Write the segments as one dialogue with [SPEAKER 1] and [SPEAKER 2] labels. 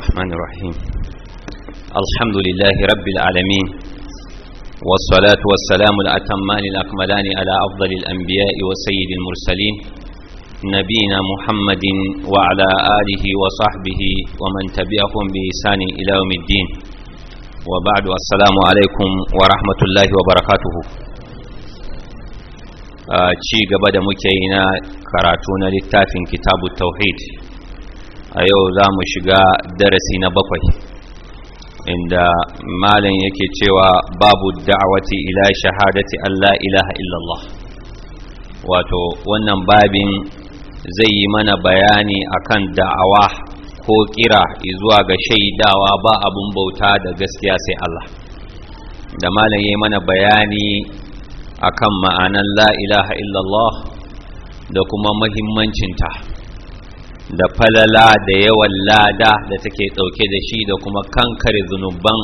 [SPEAKER 1] الرحمن الرحيم الحمد لله رب العالمين والصلاة والسلام الأتمان الأكملان على أفضل الأنبياء وسيد المرسلين نبينا محمد وعلى آله وصحبه ومن تبعهم بإحسان إلى يوم الدين وبعد السلام عليكم ورحمة الله وبركاته ci gaba مكينا كراتون yi كتاب التوحيد a yau za mu shiga darasi na bakwai inda malin yake cewa babu da'awati ila shahadati Allah ilaha illallah wato wannan babin zai yi mana bayani akan da'awa ko kira zuwa ga shaidawa ba abun bauta da gaskiya sai Allah da malin yi mana bayani akan ma'anan la ilaha illallah da kuma mahimmancinta da falala da yawan lada da take ɗauke da shi da kuma kankare zunuban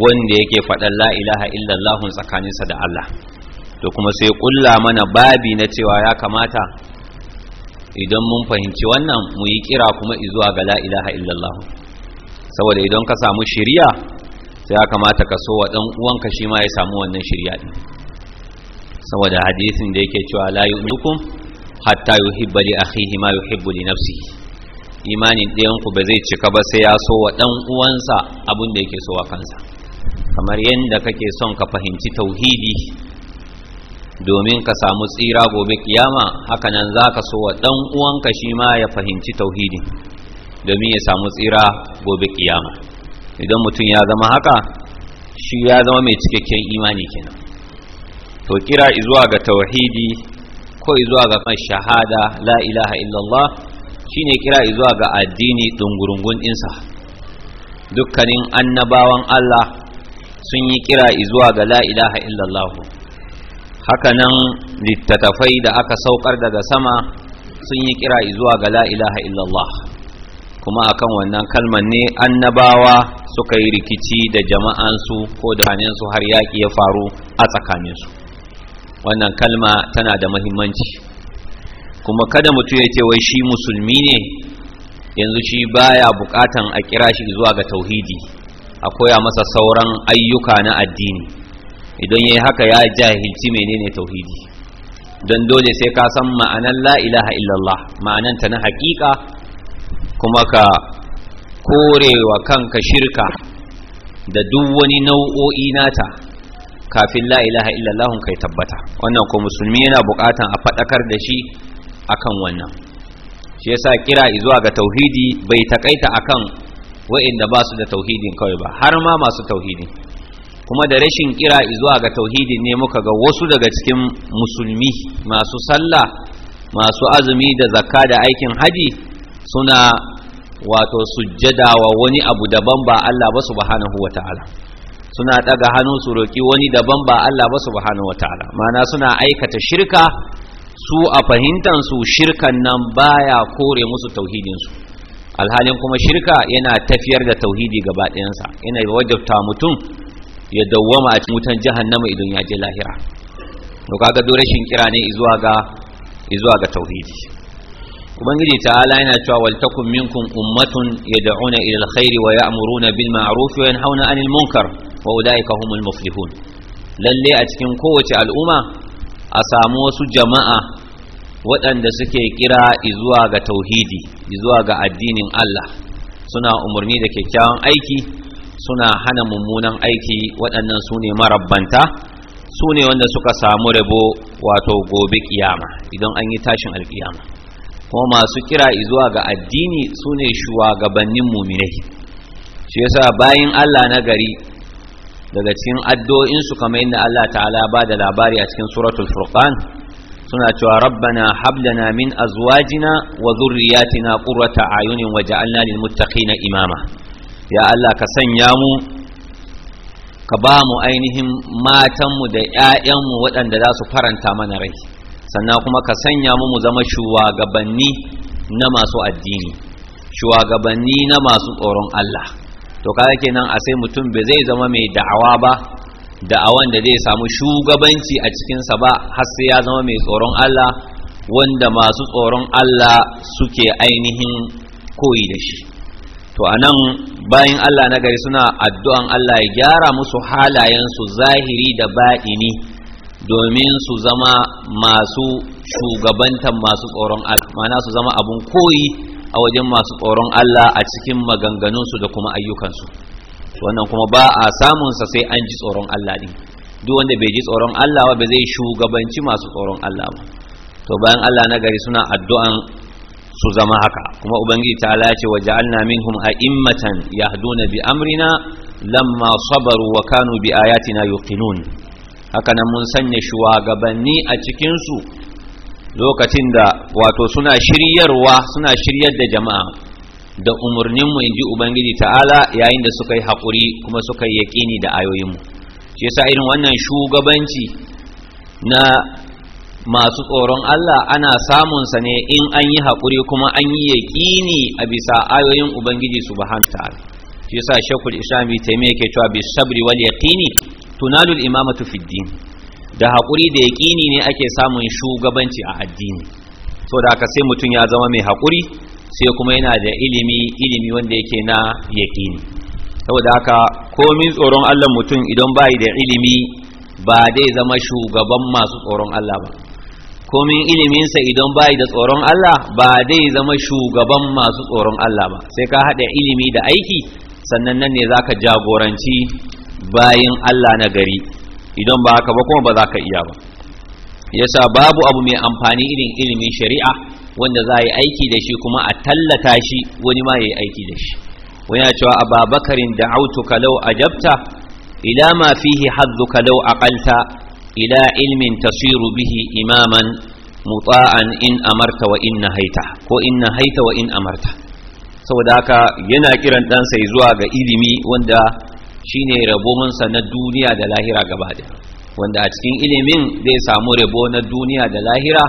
[SPEAKER 1] wanda yake faɗan la'ilaha ilaha illallahun tsakaninsa da Allah to kuma sai ƙulla mana babi na cewa ya kamata idan mun fahimci wannan mu yi kira kuma izuwa ga la'ilaha ilaha illallah saboda idan ka samu shiriya sai ya kamata ka so wa ɗan uwanka shi ma ya samu wannan shiriya saboda hadisin da yake cewa la yu'minukum hatta yuhibba li akhihi ma yuhibbu li nafsihi imanin ɗayan ku ba zai cika ba sai ya so wa dan uwansa abin da yake so wa kansa kamar yadda kake son ka fahimci tauhidi domin ka samu tsira gobe kiyama hakanan za ka so wa ɗan uwanka shi ma ya fahimci tauhidi domin ya samu tsira gobe kiyama idan mutum ya zama haka shi ya zama mai cikakken imani kenan to kira zuwa ga tauhidi ko zuwa ga kan shahada la ilaha illallah shine kira zuwa ga addini dungurungun dinsa dukkanin annabawan Allah sun yi kira zuwa ga la ilaha illallah hakanan littattafai da aka saukar daga sama sun yi kira zuwa ga la ilaha illallah kuma akan wannan kalmar ne annabawa suka yi rikici da jama'ansu ko da su har yaƙi ya faru a tsakaninsu wannan kalma tana da mahimmanci kuma kada mutum ya ce wai shi musulmi ne yanzu shi baya bukatan a kira shi zuwa ga tauhidi a koya masa sauran ayyuka na addini idan yayi haka ya jahilci menene tauhidi don dole sai ka san ma'anan la ilaha illallah ma'anan ta na hakika kuma ka korewa kanka shirka da duk wani nau'o'i nata kafin la ilaha illallah kai tabbata wannan ko musulmi yana bukatan a fadakar da shi akan wannan shi yasa kira zuwa ga tauhidi bai takaita akan wa'inda ba su da tauhidin kawai ba har ma masu tauhidi. kuma da rashin kira zuwa ga tauhidi ne muka ga wasu daga cikin musulmi masu sallah masu azumi da zakka da aikin haji suna wato sujjada wa wani abu daban ba Allah ba subhanahu wataala suna daga hannu su roki wani daban ba Allah ba subhanahu wataala Ma'ana suna aikata shirka su a fahimtan su shirkan nan baya kore musu tauhidin su alhalin kuma shirka yana tafiyar da tauhidi gaba ɗayansa yana wajabta mutum ya dawwama a cikin wutan jahannama idan ya je lahira to kaga do rashin kira ne zuwa ga zuwa ga tauhidi ubangiji ta'ala yana cewa wal takum minkum ummatun yad'una ila alkhairi wa ya'muruna bil ma'ruf wa yanhauna 'anil munkar wa ulaika humul muflihun lalle a cikin kowace al'umma a samu wasu jama'a waɗanda suke kira izuwa ga tauhidi izuwa ga addinin Allah suna umarni da kyakkyawan aiki suna hana mummunan aiki waɗannan su ne marabbanta su ne wanda suka samu rabo wato gobe kiyama idan an yi tashin alkiyama kuma masu kira izuwa ga addini su ne shugabannin muminai shi yasa bayin Allah na gari daga cikin addu'o'insu kamar yadda Allah ta'ala ba da labari a cikin suratul furqan suna cewa rabbana hablana min azwajina wa zurriyatina qurrata ayunin waj'alna lil muttaqina imama ya Allah ka sanya mu ka ba mu ainihin matanmu da 'ya'yanmu waɗanda za su faranta mana rai sannan kuma ka sanya mu mu zama shuwagabanni na masu addini shugabanni na masu tsoron Allah to kaga kenan a sai mutum ba zai zama mai da'awa ba da'awan da zai samu shugabanci a cikinsa ba har sai ya zama mai tsoron Allah wanda masu tsoron Allah suke ainihin koyi da shi to anan bayan Allah na gari suna addu'an Allah ya gyara musu halayensu zahiri da baɗini domin su zama masu shugabantan masu tsoron Allah ma'ana su zama abun koyi a wajen masu tsoron Allah a cikin maganganunsu da kuma ayyukansu wannan kuma ba a samunsa sai an ji tsoron Allah ɗin duk wanda bai ji tsoron Allah ba zai shugabanci masu tsoron Allah ba to bayan Allah na gari suna addu'an su zama haka kuma ubangiji ta lace wa ja'alna immatan a'immatan yahduna bi amrina lamma sabaru wa kanu bi ayatina yuqinun haka nan mun sanya shugabanni a cikinsu. lokacin da wato suna shiryarwa suna shiryar da jama'a da umarninmu in ji ubangiji ta'ala yayin da suka yi haƙuri kuma suka yi yaƙini da ayoyinmu shi yasa irin wannan shugabanci na masu tsoron Allah ana samun sa ne in an yi haƙuri kuma an yi yaƙini a bisa ayoyin ubangiji subhanahu ta'ala shi yasa shekul islam bi cewa bi sabri wal yaqini tunalul imamatu fid din da haƙuri da yaƙini ne ake samun shugabanci a addini so da aka sai mutum ya zama mai haƙuri sai kuma yana da ilimi ilimi wanda yake na yaƙini saboda haka komin tsoron Allah mutum idan bai da ilimi ba dai zama shugaban masu tsoron Allah ba komin iliminsa idan bai da tsoron Allah ba dai zama shugaban masu tsoron Allah ba sai ka haɗa ilimi da aiki sannan nan ne ka jagoranci bayan Allah na gari idan ba haka ba kuma ba za ka iya ba yasa babu abu mai amfani irin ilimin shari'a wanda za a yi aiki da shi kuma a tallata shi wani ma ya yi aiki da shi wani cewa a babakarin da kalau a jabta? ila ma fihi kalau a aqalta ila ilmin tasiru bihi imaman mutsa'an in amarta wa in haita ko in na haita wa in amarta saboda haka yana kiran ɗansa zuwa ga ilimi wanda shine sa na duniya da lahira gaba da wanda a cikin ilimin zai samu rabo na duniya da lahira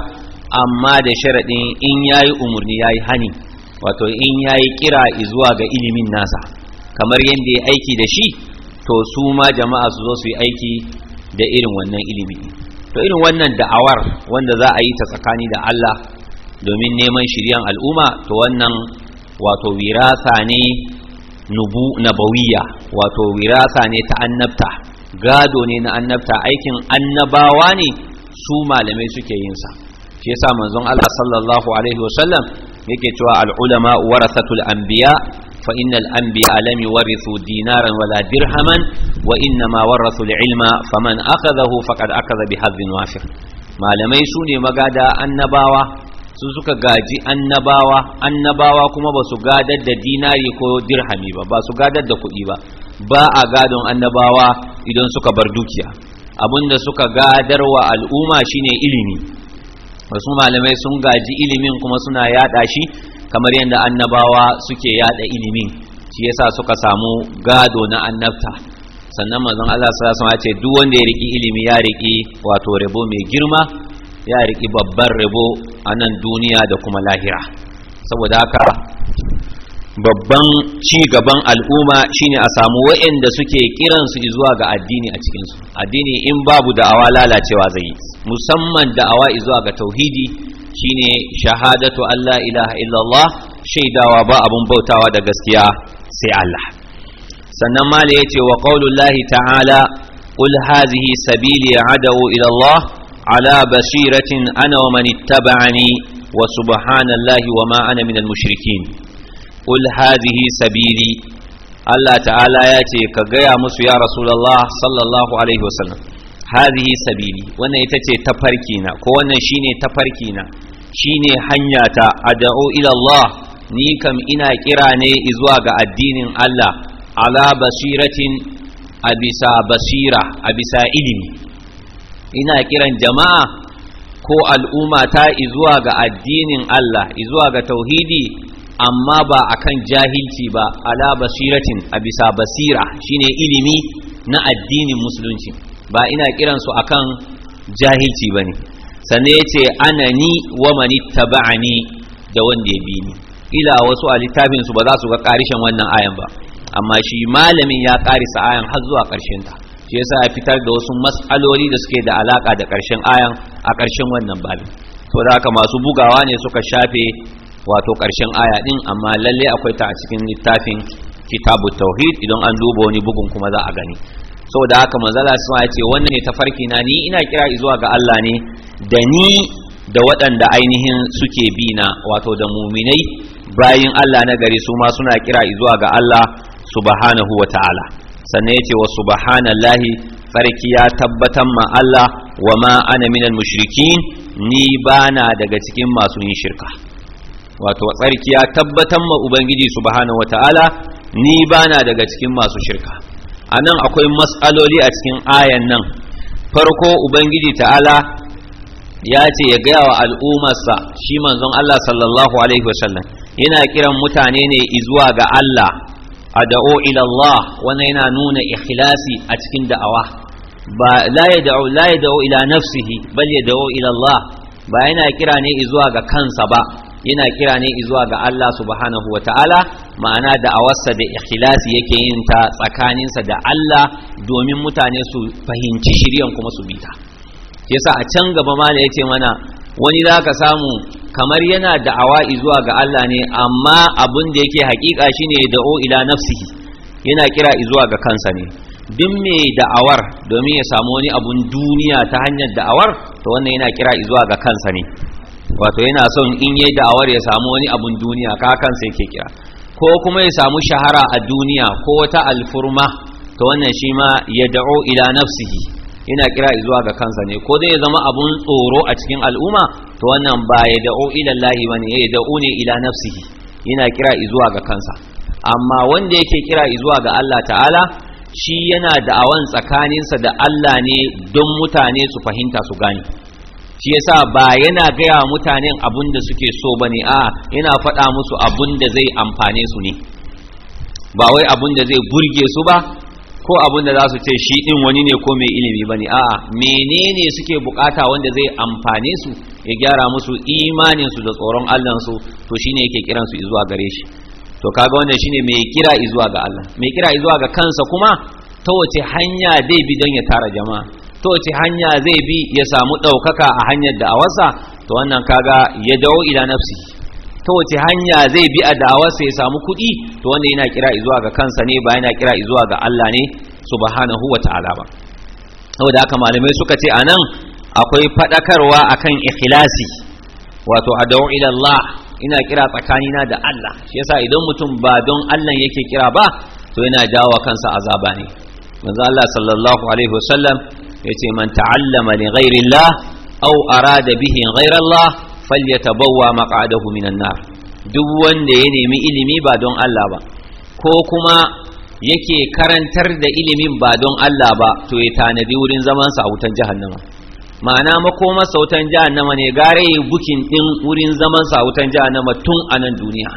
[SPEAKER 1] amma da sharaɗin in yayi umarni yayi hani wato in yayi kira zuwa ga ilimin nasa kamar yadda ya aiki da shi to su ma jama'a su zo su yi aiki da irin wannan ilimi to irin wannan da'awar wanda za a yi ta tsakani da Allah domin neman shiryan al'umma to wannan wato wirasa ne nubu nabawiya wato wirasa ne ta annabta gado ne na annabta aikin annabawa ne su malamai suke yin sa shi yasa manzon Allah sallallahu alaihi wasallam yake cewa al ulama warasatul anbiya fa innal anbiya lam yuwarithu dinaran wala dirhaman wa innama warathu al ilma faman akhadhahu faqad akhadha bi hadhin wafir malamai su ne magada annabawa su suka gaji annabawa annabawa kuma ba su gadar da dinari ko dirhami ba ba su gadar da kuɗi ba ba a gadon annabawa idan suka bar dukiya abinda suka gadar wa al'umma shine ilimi wasu malamai sun gaji ilimin kuma suna yada shi kamar yadda annabawa suke yada ilimin shi yasa suka samu gado na annabta sannan manzon Allah sallallahu alaihi wasallam ya ce duk wanda ya riki ilimi ya riki wato rabo mai girma ya riki babban rabo a nan duniya da kuma lahira saboda haka babban ci gaban al'umma shine a samu wayanda suke kiran su zuwa ga addini a cikinsu addini in babu da'awa lalacewa zai yi musamman da'awa zuwa ga tauhidi shine shahadatu Allah ilaha illallah shaidawa ba abun bautawa da gaskiya sai Allah sannan mala yace wa qaulullahi ta'ala qul hadhihi sabili ad'u ila Allah على بصيرة أنا ومن اتبعني وسبحان الله وما أنا من المشركين قل هذه سبيلي الله تعالى ياتي كغيا مس يا رسول الله صلى الله عليه وسلم هذه سبيلي وانا يتتي تفركينا كو وانا شيني تفركينا shine hanyata ad'u ila Allah ni kam ina kira ne zuwa ga addinin Allah ala basiratin abisa basira abisa ilimi ina kiran jama'a ko al'umma ta izuwa ga addinin Allah izuwa ga tauhidi amma ba akan jahilci ba ala basiratin a bisa basira shine ilimi na addinin musulunci ba ina kiran su akan jahilci bane sanne yace anani wa manittaba'ani da wanda ya bi ni ila wasu a littafin su ba za su ga karishin wannan ayan ba amma shi malamin ya karisa ayan har zuwa karshen ta shi yasa a fitar da wasu mas'aloli da suke da alaka da ƙarshen ayan a ƙarshen wannan babin to da haka masu bugawa ne suka shafe wato ƙarshen aya din amma lalle akwai ta a cikin littafin kitabu tauhid idan an duba wani bugun kuma za a gani saboda haka manzala sun ya ce wannan ne tafarki na ni ina kira zuwa ga Allah ne da ni da waɗanda ainihin suke bi na wato da muminai bayin Allah na gari su ma suna kira zuwa ga Allah subhanahu wa ta'ala sannan yace wa subhanallahi tsarki ya tabbatan ma Allah wa ma ana minal mushrikin ni bana daga cikin masu yin shirka wato tsarki ya tabbatan ma ubangiji subhanahu wataala ni bana daga cikin masu shirka anan akwai matsaloli a cikin ayan nan farko ubangiji ta'ala ya ce ya gaya wa al'ummarsa shi manzon Allah sallallahu alaihi wasallam yana kiran mutane ne zuwa ga Allah ad'u ila Allah wannan yana nuna ikhlasi a cikin da'awa ba la yad'u la yad'u ila nafsihi bal yad'u ila Allah ba yana kira ne zuwa ga kansa ba yana kira ne zuwa ga Allah subhanahu wa ta'ala ma'ana da'awarsa da ikhlasi yake yin ta tsakaninsa da Allah domin mutane su fahimci shiryan kuma su bita yasa a can gaba ma ya ce mana wani zaka samu kamar yana da'awa zuwa ga Allah ne amma abin da yake hakika shine o ila nafsihi yana kira zuwa ga kansa ne duk mai da'awar domin ya samu wani abun duniya ta hanyar da'awar to wannan yana kira zuwa ga kansa ne wato yana son in yayi da'awar ya samu wani abun duniya ka kansa yake kira ko kuma ya samu shahara a duniya ko wata alfurma to wannan shi ma ya da'o ila nafsihi yana kira zuwa ga kansa ne ko dai ya zama abun tsoro a cikin al'umma to wannan ba ya da'o ilallahi Allah bane ya da'o ne ila nafsihi yana kira zuwa ga kansa amma wanda yake kira zuwa ga Allah ta'ala shi yana da'awan tsakaninsa da Allah ne don mutane su fahimta su gane shi yasa ba yana gaya mutanen abun da suke so bane a yana faɗa musu abun da zai amfane su ne ba wai abun da zai burge su ba ko abin da za su ce shi din wani ne ko mai ilimi ba ne a'a menene suke bukata wanda zai amfane su ya gyara musu imaninsu da tsoron allansu to shi ne yake kiransu izuwa gare shi to kaga wannan ne mai kira izuwa ga Allah mai kira izuwa ga kansa kuma ta wace hanya zai bi don ya tara jama'a ta wace hanya zai bi ya samu ɗaukaka a hanyar da a wasa? to wannan kaga ya dawo ila nafsi ta wace hanya zai bi a dawarsa ya samu kuɗi to wanda yana kira zuwa ga kansa ne ba yana kira zuwa ga Allah ne subhanahu wa ta'ala ba saboda haka malamai suka ce anan akwai fadakarwa akan ikhlasi wato ad'u ila Allah ina kira tsakanina da Allah shi yasa idan mutum ba don Allah yake kira ba to yana jawo kansa azaba ne manzo Allah sallallahu alaihi wasallam yace man ta'allama li ghairi Allah aw arada bihi ghairi Allah falyatabawwa maq'adahu minan nar duk wanda ya nemi ilimi ba don Allah ba ko kuma yake karantar da ilimin ba don Allah ba to ya tanadi wurin zaman sa a wutan jahannama ma'ana makoma sautan jahannama ne gare bukin din wurin zaman sa a wutan jahannama tun a nan duniya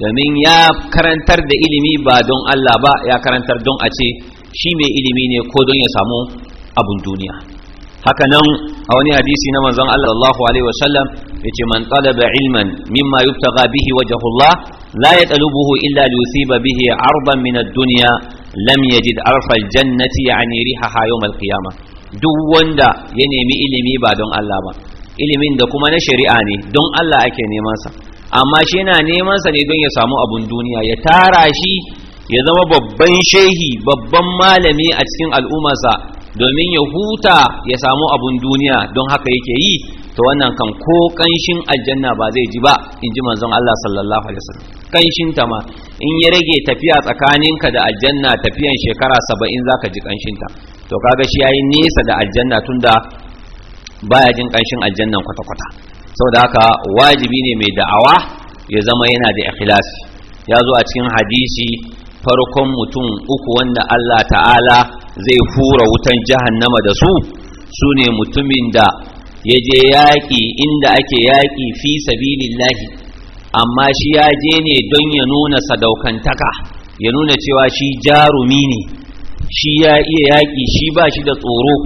[SPEAKER 1] domin ya karantar da ilimi ba don Allah ba ya karantar don a ce shi mai ilimi ne ko don ya samu abun duniya haka nan a wani hadisi na manzon Allah sallallahu alaihi wasallam yace man talaba ilman mimma yubtaga bihi wajhullah la yatalubuhu illa liyusiba bihi arban min ad-dunya lam yajid arfa al-jannati yani rihaha yawm al-qiyamah duk wanda ya nemi ilimi ba don Allah ba ilimin da kuma na shari'a ne don Allah ake neman sa amma shi yana neman sa ne don ya samu abun duniya ya tara shi ya zama babban shehi babban malami a cikin al'ummarsa domin ya huta ya samu abun duniya don haka yake yi to wannan kan ko kanshin aljanna ba zai ji ba in ji manzon Allah sallallahu alaihi wasallam kanshin ta ma in ya rage tafiya tsakaninka da aljanna tafiyan shekara 70 zaka ji kanshin ta to kaga shi yayin nesa da aljanna tunda baya jin kanshin aljannan kwata kwata saboda haka wajibi ne mai da'awa ya zama yana da ikhlasi ya zo a cikin hadisi farkon mutum uku wanda Allah ta'ala zai fura wutan jahannama da su su ne mutumin da ya je yaƙi inda ake yaƙi fi sabilillahi amma shi ya je ne don ya nuna sadaukantaka ya nuna cewa shi jarumi ne shi ya iya yaƙi shi ba shi da tsoro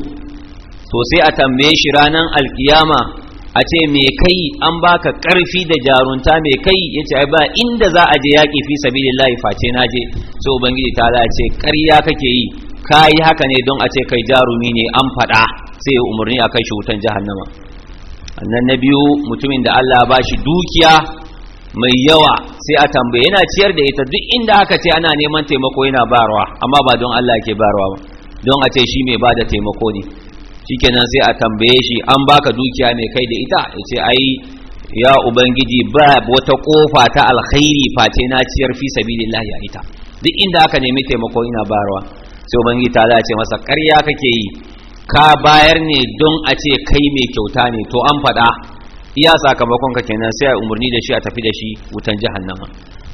[SPEAKER 1] sosai a tambaye shi ranar alkiyama a ce me kai an baka karfi da jarunta me kai yace ce ba inda za a je yaki fi sabilillahi face na je so ubangiji ta ya ce ƙarya kake yi kayi haka ne don a ce kai jarumi ne an faɗa sai umarni a kai shi wutan jahannama annan na biyu mutumin da Allah ba shi dukiya mai yawa sai a tambaye yana ciyar da ita duk inda aka ce ana neman taimako yana barwa amma ba don Allah ke barwa ba don a ce shi mai ba da taimako ne shikenan sai a tambaye shi an baka dukiya mai kai da ita ya ce ai ya ubangiji ba wata kofa ta alkhairi face na ciyar fi sabilillahi ya ita duk inda aka nemi taimako ina bayarwa sai ubangiji ta ce masa ƙarya kake yi ka bayar ne don a ce kai mai kyauta ne to an faɗa iya sakamakon ka kenan sai a umarni da shi a tafi da shi wutan jahannama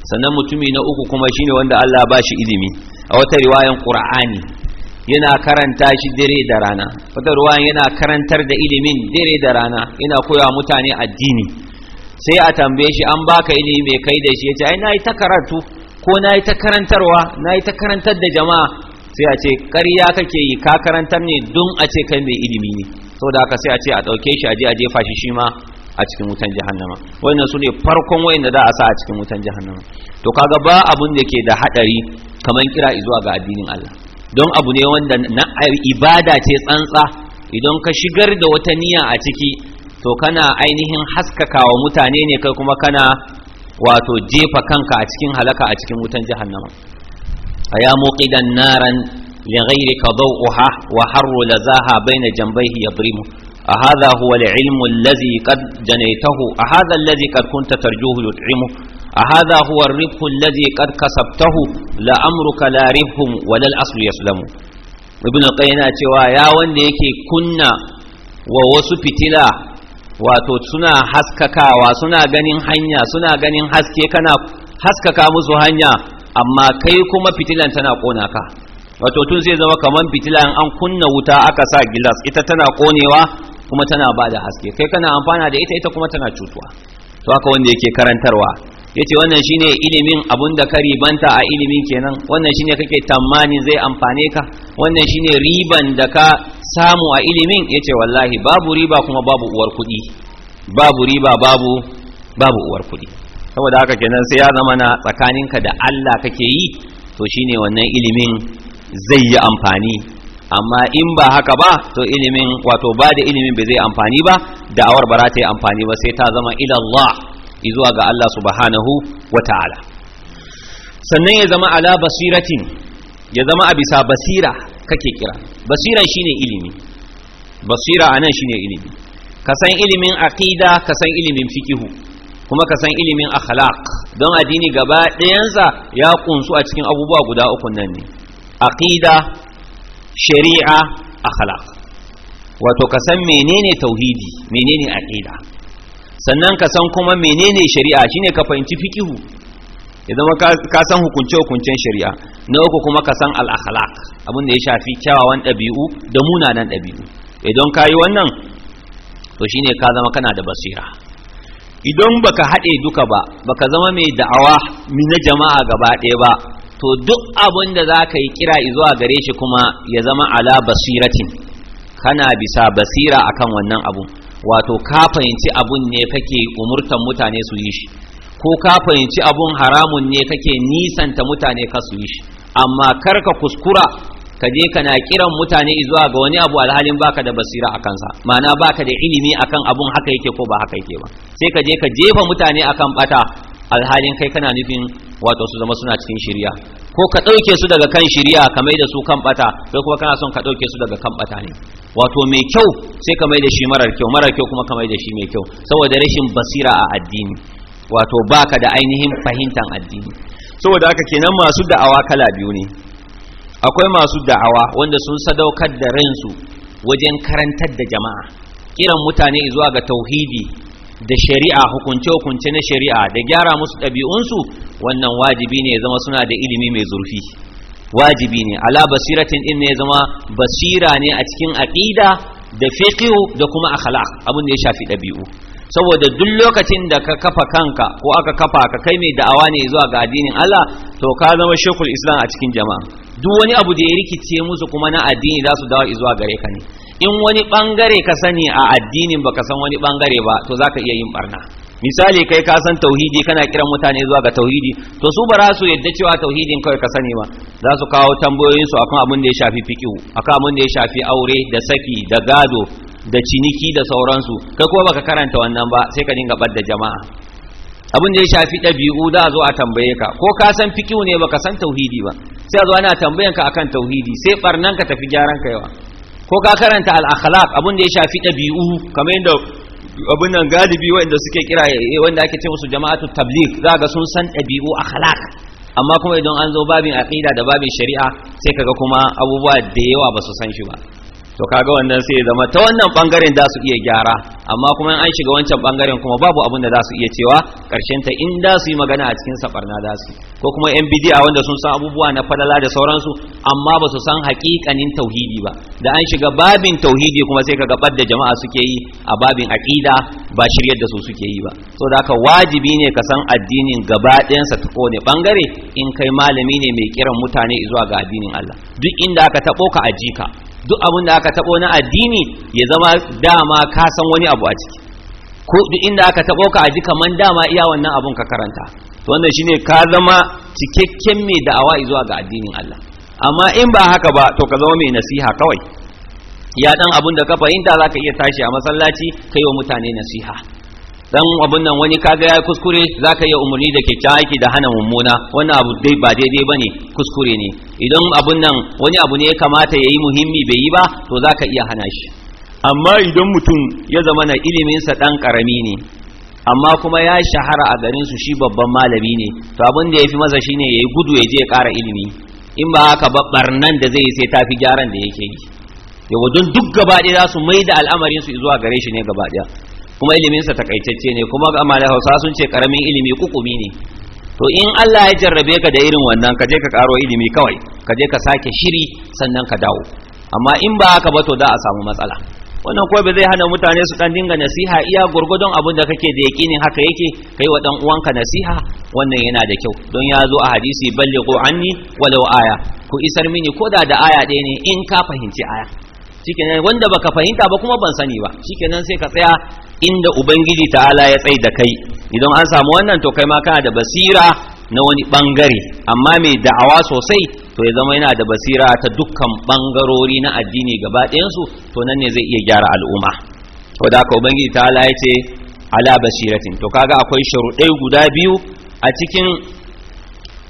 [SPEAKER 1] sannan mutumi na uku kuma shine wanda Allah ba shi ilimi a wata riwayan Qur'ani yana karanta shi dare da rana wata yana karantar da ilimin dare da rana yana koya mutane addini sai a tambaye shi an baka ilimi mai kai da shi yace ai nayi ta karatu ko nayi ta karantarwa nayi ta karantar da jama'a sai a ce ƙarya kake yi ka karantar ne don a ce kai mai ilimi ne saboda haka sai a ce a ɗauke shi a je a jefa shi shi ma a cikin wutan jahannama wannan su ne farkon wayanda za a sa a cikin wutan jahannama to kaga ba abun da ke da haɗari kamar kira zuwa ga addinin Allah don abu ne wanda na ibada ce tsantsa idan ka shigar da wata niyya a ciki to kana ainihin haskakawa mutane ne kai kuma kana wato jefa kanka a cikin halaka a cikin wutan jahannama ya muqidan naran li ghayrika daw'uha wa harru lazaha baina jambayhi yadrimu أهذا هو العلم الذي قد جنيته أهذا الذي قد كنت ترجوه يطعمه أهذا هو الربح الذي قد كسبته لأمرك لا ربح ولا الأصل يسلم ابن القيم cewa ya wanda yake kunna wa wasu fitila wato suna haskakawa suna ganin hanya suna ganin haske kana haskaka musu hanya amma kai kuma fitilan tana kona ka wato tun zai zama kaman fitilan an kunna wuta aka sa gilas ita tana konewa kuma tana ba da haske kai kana amfana da ita ita kuma tana cutuwa to haka wanda yake karantarwa yace wannan shine ilimin abun da ka ribanta a ilimin kenan wannan shine kake tamani zai amfane ka wannan shine riban da ka samu a ilimin yace wallahi babu riba kuma babu uwar kuɗi babu riba babu babu uwar kuɗi saboda haka kenan sai ya zama na tsakaninka da Allah kake yi to shine wannan ilimin zai yi amfani amma in ba haka ba to ilimin wato ba da ilimin bai zai amfani ba da'awar ba za ta yi amfani ba sai ta zama ila Allah izuwa ga Allah subhanahu wata'ala sannan ya zama ala basiratin ya zama a bisa basira kake kira basira shine ilimi basira anan shine ilimi ka san ilimin aqida ka san ilimin fikihu kuma ka san ilimin akhlaq don addini gaba ɗayansa ya kunsu a cikin abubuwa guda uku nan ne aqida shari'a akhlaq wato ka san menene tauhidi menene aqida sannan ka san kuma menene shari'a shine ka fahimci fiqihu ya zama ka san hukunce hukuncen shari'a na uku kuma ka san al-akhlaq abin da ya shafi kyawawan ɗabi'u da munanan ɗabi'u idan ka yi wannan to shine ka zama kana da basira idan baka haɗe duka ba baka zama mai da'awa na jama'a gaba ɗaya ba to duk abin da za ka yi kira zuwa gare shi kuma ya zama ala basiratin kana bisa basira akan wannan abu wato ka fahimci abun ne kake umurtan mutane su yi shi ko ka fahimci abun haramun ne kake nisanta mutane ka su yi shi amma kar ka kuskura ka je kana kiran mutane zuwa ga wani abu alhalin baka da basira a kansa ma'ana baka da ilimi akan abun haka yake ko ba haka yake ba sai ka je ka jefa mutane akan bata alhalin kai kana nufin wato su zama suna cikin shirya ko ka ɗauke su daga kan shirya ka mai su kan bata Sai kuma kana son ka ɗauke su daga kan bata ne wato mai kyau sai ka mai shi marar kyau marar kyau kuma ka mai da shi mai kyau saboda rashin basira a addini wato baka da ainihin fahimtar addini saboda haka kenan masu da'awa kala biyu ne akwai masu da'awa wanda sun sadaukar da ransu wajen karantar da jama'a kiran mutane zuwa ga tauhidi da shari'a hukunce-hukunce na shari'a da gyara musu ɗabi'unsu wannan wajibi ne zama suna da ilimi mai zurfi wajibi ne ala basiratin din ne zama basira ne a cikin aqida da fiqh da kuma akhlaq abin da ya shafi ɗabi'u saboda duk lokacin da ka kafa kanka ko aka kafa ka kai mai da'awa ne zuwa ga addinin Allah to ka zama shekul islam a cikin jama'a duk wani abu da ya rikice musu kuma na addini za su dawo zuwa gare ka ne in wani bangare ka sani a addinin baka san wani bangare ba to zaka iya yin barna misali kai ka san tauhidi kana kiran mutane zuwa ga tauhidi to su ba su yadda cewa tauhidin kawai ka sani ba za su kawo tambayoyin su akan abin da ya shafi fiqhu akan abin da ya shafi aure da saki da gado da ciniki da sauransu kai kuma baka karanta wannan ba sai ka dinga badda jama'a abin da ya shafi dabi'u da zo a tambaye ka ko ka san fiqhu ne baka san tauhidi ba sai a zo ana tambayanka akan tauhidi sai barnan ka tafi gyaran ka yawa ko ka karanta al-akhlaq abin da ya shafi ɗabi'u kamar yadda abin galibi wanda suke kira eh, wanda ake ce musu jama'atu tabligh za ga sun san ɗabi'u akhlaq amma kuma idan an zo babin aqida da babin shari'a sai kaga kuma abubuwa da yawa ba su san shi ba to kaga wannan sai ya zama ta wannan bangaren za su iya gyara amma kuma in an shiga wancan bangaren kuma babu abin da za su iya cewa karshen ta in da su yi magana a cikin sabarna za su ko kuma yan a wanda sun san abubuwa na falala da sauransu amma ba su san hakikanin tauhidi ba da an shiga babin tauhidi kuma sai kaga da jama'a suke yi a babin aqida ba shiryar da su suke yi ba saboda haka wajibi ne ka san addinin gaba ɗayansa ta kone bangare in kai malami ne mai kiran mutane zuwa ga addinin Allah duk inda aka taɓo ka aji duk abin da aka tabo na addini ya zama dama ka san wani abu a ciki ko duk inda aka tabo ka aji kaman dama iya wannan abun ka karanta to wannan shine ka zama cikakken mai da'awa zuwa ga addinin Allah amma in ba haka ba to ka zama mai nasiha kawai ya dan abun da ka fahimta zaka iya tashi a masallaci kai wa mutane nasiha dan abun nan wani kaga ya kuskure zaka iya umarni da ke aiki da hana mummuna wannan abu dai ba daidai bane kuskure ne idan abun nan wani abu ne ya kamata yayi muhimmi bai yi ba to zaka iya hana shi amma idan mutum ya zama na iliminsa dan karami ne amma kuma ya shahara a garin su shi babban malami ne to abin da yafi masa shine yayi gudu ya je ya ƙara ilimi in ba haka ba barnan da zai yi sai tafi gyaran da yake yi yawa don duk gaba ɗaya za su mai da al'amarin su zuwa gare shi ne gaba ɗaya kuma ilimin sa takaitacce ne kuma ga Hausa sun ce karamin ilimi kukumi ne to in Allah ya jarrabe ka da irin wannan ka je ka karo ilimi kawai ka je ka sake shiri sannan ka dawo amma in ba haka ba to da a samu matsala wannan ko bai zai hana mutane su dan dinga nasiha iya gurgudun abin da kake da yakinin haka yake kai wa dan uwanka nasiha wannan yana da kyau don ya zo a hadisi ballighu anni walau aya ku isar mini koda da aya ɗaya ne in ka fahimci aya shikenan wanda baka fahimta ba kuma ban sani ba shikenan sai ka tsaya inda ubangiji ta'ala ya tsai da kai idan an samu wannan to kai ma kana da basira na wani bangare amma mai da'awa sosai to ya zama yana da basira ta dukkan bangarori na addini gaba ɗayansu to nan ne zai iya gyara al'umma da ka ubangiji ta'ala ya ce ala basiratin to kaga akwai sharuɗai guda biyu a cikin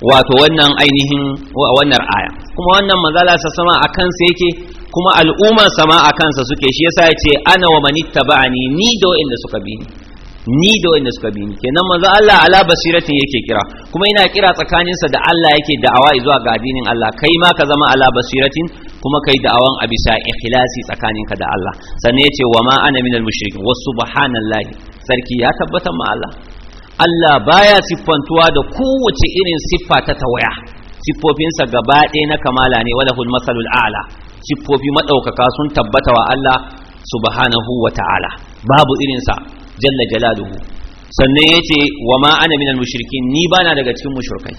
[SPEAKER 1] wato wannan ainihin wannan aya kuma wannan manzala sa sama a sai yake kuma al'umma sama a kansa suke shi yasa ya ce ana wa manittaba'ani ni da wa'inda suka bi ni ni da wa'inda suka bi ni kenan manzo Allah ala basiratin yake kira kuma ina kira tsakaninsa da Allah yake da'awa zuwa ga addinin Allah kai ma ka zama ala basiratin kuma kai da'awan a bisa ikhlasi tsakaninka da Allah sannan yace wa ma ana minal mushrikin wa subhanallahi sarki ya tabbatar ma Allah Allah baya siffantuwa da kowace irin siffa ta tawaya siffofinsa gaba ɗaya na kamala ne walahul masalul a'la siffofi maɗaukaka sun tabbata wa Allah subhanahu wa ta'ala babu irinsa jalla jalaluhu sannan ya ce wa ma ana minal mushrikin ni bana daga cikin mushrikai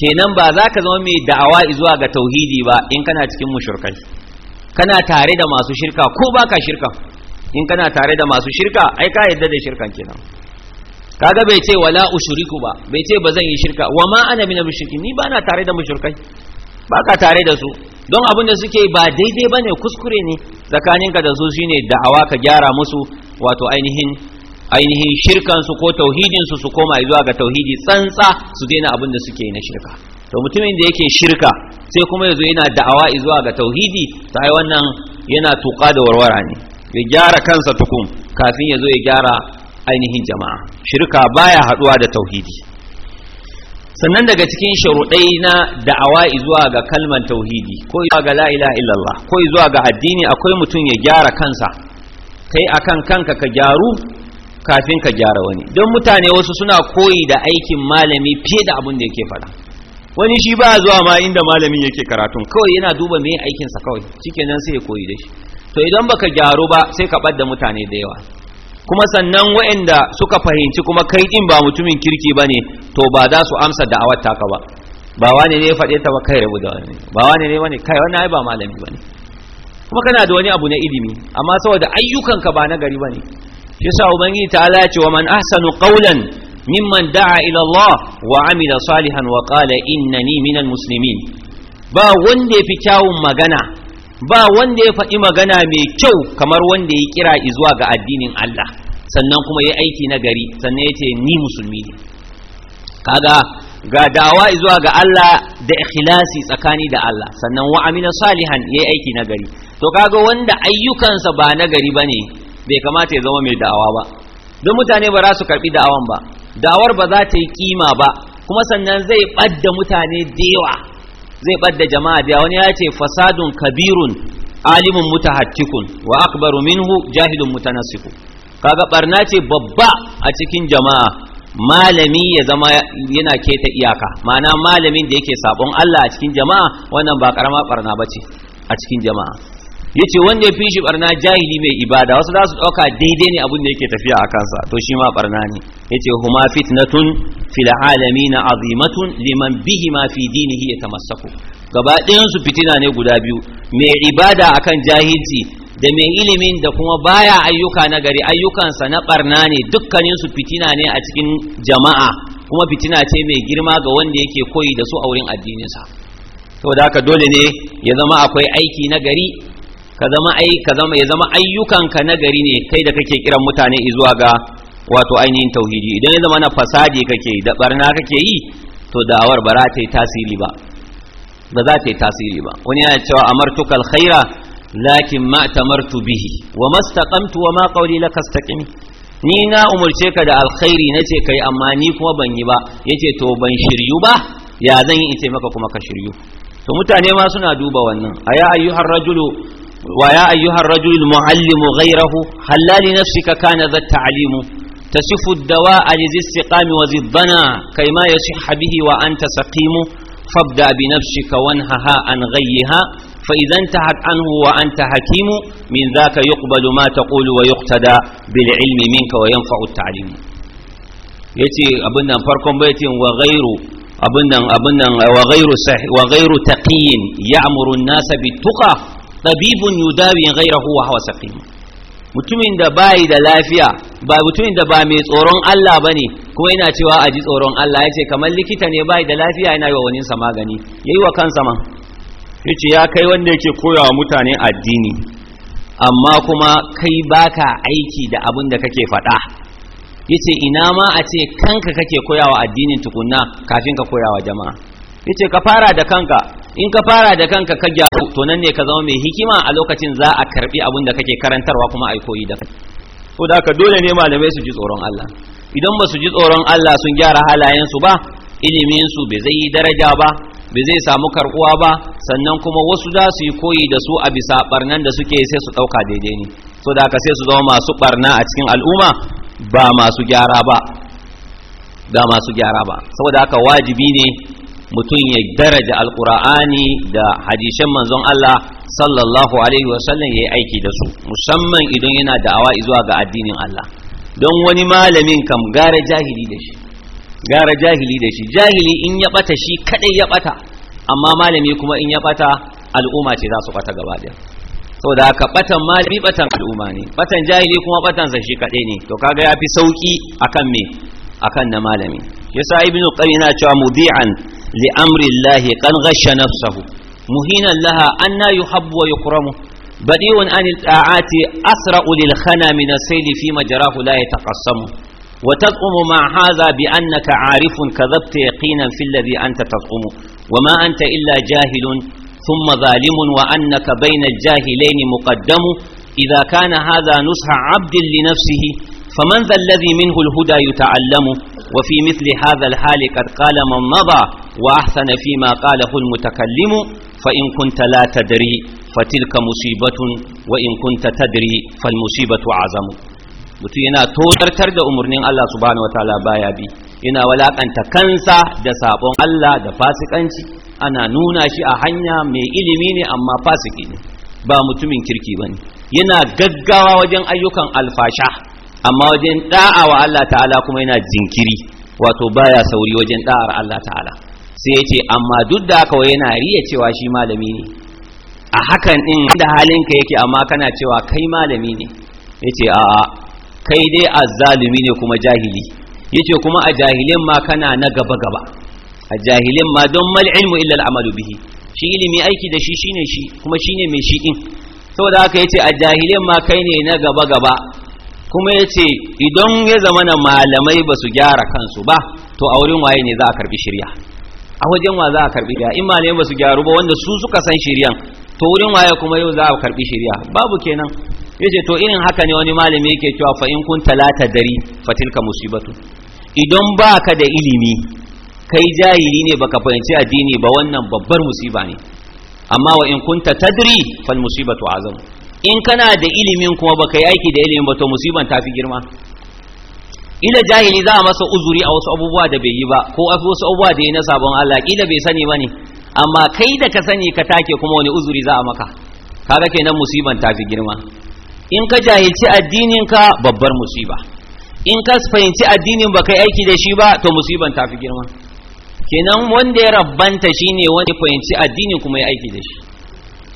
[SPEAKER 1] kenan ba za ka zama mai da'awa zuwa ga tauhidi ba in kana cikin mushrikai kana tare da masu shirka ko ba ka shirkan? in kana tare da masu shirka ai ka yadda da shirkan kenan kaga bai ce wala ushriku ba bai ce ba zan yi shirka wa ma ana minal mushrikin ni bana tare da mushrikai ka tare da su don abin da suke ba daidai bane kuskure ne tsakaninka da su shine da'awa ka gyara musu wato ainihin ainihin shirkan su ko tauhidin su su koma zuwa ga tauhidi tsantsa su daina abin da suke na shirka to mutumin da yake shirka sai kuma yazo yana da'awa zuwa ga tauhidi sai wannan yana tuka da warwara ne ya gyara kansa tukun kafin yazo ya gyara ainihin jama'a shirka baya haduwa da tauhidi sannan daga cikin sharuɗai na da'awa zuwa ga kalmar tauhidi ko zuwa ga la'ila ko zuwa ga addini akwai mutum ya gyara kansa kai akan kanka ka gyaru kafin ka gyara wani don mutane wasu suna koyi da aikin malami fiye da abin da yake faɗa wani shi ba zuwa ma inda malamin yake karatun kawai yana duba me aikinsa kawai nan sai ya koyi da shi to idan baka gyaru ba sai ka ɓadda mutane da yawa kuma sannan waɗanda suka fahimci kuma kai din ba mutumin kirki ba ne to ba za su amsa da'awar taka ba ba wani ne ya faɗe ta ba kai rabu da wani ba wani ne wani kai wani ba malami bane kuma kana da wani abu na ilimi amma saboda ayyukan ka ba na gari bane shi yasa ubangiji ta'ala ya ce wa man ahsanu qawlan mimman da'a ila Allah wa amila salihan wa qala innani minal muslimin ba wanda yafi kyawun magana ba wanda ya faɗi magana mai kyau kamar wanda ya kira zuwa ga addinin Allah sannan kuma ya aiki na gari sannan ya ce ni musulmi ne kaga ga da'awa zuwa ga Allah da ikhlasi tsakani da Allah sannan wa amina salihan yayi aiki na gari to kaga wanda ayyukansa ba nagari gari bane bai kamata ya zama mai da'awa ba don mutane ba za su karbi da'awan ba da'awar ba za ta yi kima ba kuma sannan zai badda mutane dewa zai badda jama'a da wani ya ce fasadun kabirun alimun mutahattikun wa akbaru minhu jahilun mutanasiku kaga barna ce babba a cikin jama'a malami ya zama yana keta iyaka ma'ana malamin da yake sabon Allah a cikin jama'a wannan ba karama barna bace a cikin jama'a yace wanda ya fi shi barna jahili mai ibada wasu za su dauka daidai ne abin da yake tafiya a kansa to shi ma barna ne yace huma fitnatun fil alamin azimatun liman bihi ma fi dinihi yatamassaku gaba ɗayan su fitina ne guda biyu mai ibada akan jahilci da mai ilimin da kuma baya ayyuka na gari ayyukansa na barna ne dukkaninsu fitina ne a cikin jama'a kuma fitina ce mai girma ga wanda yake koyi da su a wurin addininsa To da haka dole ne ya zama akwai aiki na gari ka zama ai ka zama ya zama ayyukanka na gari ne kai da kake kiran mutane zuwa ga wato ainihin tauhidi idan ya zama na fasadi kake da barna kake yi to da'awar ba za ta yi tasiri ba ba za ta yi tasiri ba wani yana cewa amartukal khaira لكن ما أتمرت به وما استقمت وما قولي لك استقم نينا أمر شيكا دا الخير نتي كي أماني كما بنيبا يتي تو بن شريوبا يا ذي يتي مكا كما كشريو فمتاني ما سنا دوبا ونن أيا أيها الرجل ويا أيها الرجل المعلم غيره هل لنفسك كان ذا التعليم تسف الدواء لذي استقام وذي الضنا كيما يصح به وأنت سقيم فابدأ بنفسك وانهها عن غيها faizan idan tahat anhu wa anta hakimu min zaka yuqbalu ma taqulu wa yuqtada bil ilmi minka wa yanfa'u ta'lim yace abin nan farkon baitin wa ghairu abin nan abin nan wa ghairu mutumin da da lafiya ba mutumin da ba mai tsoron Allah bane kuma yana cewa a ji tsoron Allah yace kamar likita ne bai da lafiya yana yi wa wani sa magani yayi wa kansa man yace ya kai wanda yake koyawa mutane addini amma kuma kai baka aiki da abin da kake faɗa yace ina ma a ce kanka kake koyawa addinin tukunna kafin ka koyawa jama'a yace ka fara da kanka in ka fara da kanka ka gyaru to nan ne ka zama mai hikima a lokacin za a karbi abin da kake karantarwa kuma ai koyi da kai ko da ka dole ne malamai su ji tsoron Allah idan ba su ji tsoron Allah sun gyara halayen su ba ilimin su bai zai yi daraja ba ba zai samu karkuwa ba sannan kuma wasu za su yi koyi da su a bisa barnan da suke sai su dauka daidai ne so da aka sai su zama masu barna a cikin al'umma ba masu gyara ba da masu gyara ba saboda haka wajibi ne mutum ya daraja alkur'ani da hadishan manzon Allah sallallahu alaihi wasallam ya yi aiki da su musamman idan yana da'awa zuwa ga addinin Allah don wani malamin kam gare jahili da shi gara jahili da shi jahili in ya bata shi kadai ya bata amma malami kuma in ya bata al'umma ce za su bata gaba sau da aka batan malami batan al'umma ne batan jahili kuma batansa shi kadai ne to kaga ya fi sauki akan me akan na malami yasa ibnu qayyim yana cewa mudi'an li amri llahi kan ghasha nafsahu muhinan laha anna yuhabbu wa yukramu badi'un anil ta'ati asra'u lil khana min as-sayli fi majrahu la yataqassamu وتقوم مع هذا بأنك عارف كذبت يقينا في الذي أنت تقوم وما أنت إلا جاهل ثم ظالم وأنك بين الجاهلين مقدم إذا كان هذا نصح عبد لنفسه فمن ذا الذي منه الهدى يتعلم وفي مثل هذا الحال قد قال من مضى وأحسن فيما قاله المتكلم فإن كنت لا تدري فتلك مصيبة وإن كنت تدري فالمصيبة أعظم mutum yana tozartar da umarnin Allah subhanahu wataala baya bi yana walakanta kansa da sabon Allah da fasikanci ana nuna shi a hanya mai ilimi ne amma fasiki ne ba mutumin kirki bane yana gaggawa wajen ayyukan alfasha amma wajen da'a wa Allah ta'ala kuma yana jinkiri wato baya sauri wajen ɗa'ar Allah ta'ala sai ya ce amma duk da haka yana riya cewa shi malami ne a hakan din da halinka yake amma kana cewa kai malami ne yace a'a kai dai azzalumi ne kuma jahili yace kuma a jahilin ma kana na gaba gaba a jahilin ma don mal ilmu illa al'amalu bihi shi ilimi aiki da shi shine shi kuma shine mai shi din saboda haka yace a jahilin ma kai ne na gaba gaba kuma yace idan ya zama na malamai ba su gyara kansu ba to a wurin waye ne za a karbi shirya a wajen wa za a karbi shirya in malamai ba su gyaru ba wanda su suka san shiryan to wurin waye kuma yau za a karbi shirya babu kenan yace to irin haka ne wani malami yake cewa fa in kunta la tadri fatilka musibatu idan baka da ilimi kai jahili ne baka fahimci addini ba wannan babbar musiba ne amma wa in kunta tadri fal musibatu azam in kana da ilimin kuma baka yi aiki da ilimin ba to musiban ta fi girma ila jahili za a masa uzuri a wasu abubuwa da bai yi ba ko a wasu abubuwa da ya na sabon Allah kila bai sani ba ne amma kai da ka sani ka take kuma wani uzuri za a maka kaga kenan musiban ta fi girma in ka jahilci ka babbar musiba in ka fahimci addinin ba kai aiki da shi ba to musiban ta fi girma kenan wanda ya rabbanta shine wanda ya fahimci addinin kuma ya aiki da shi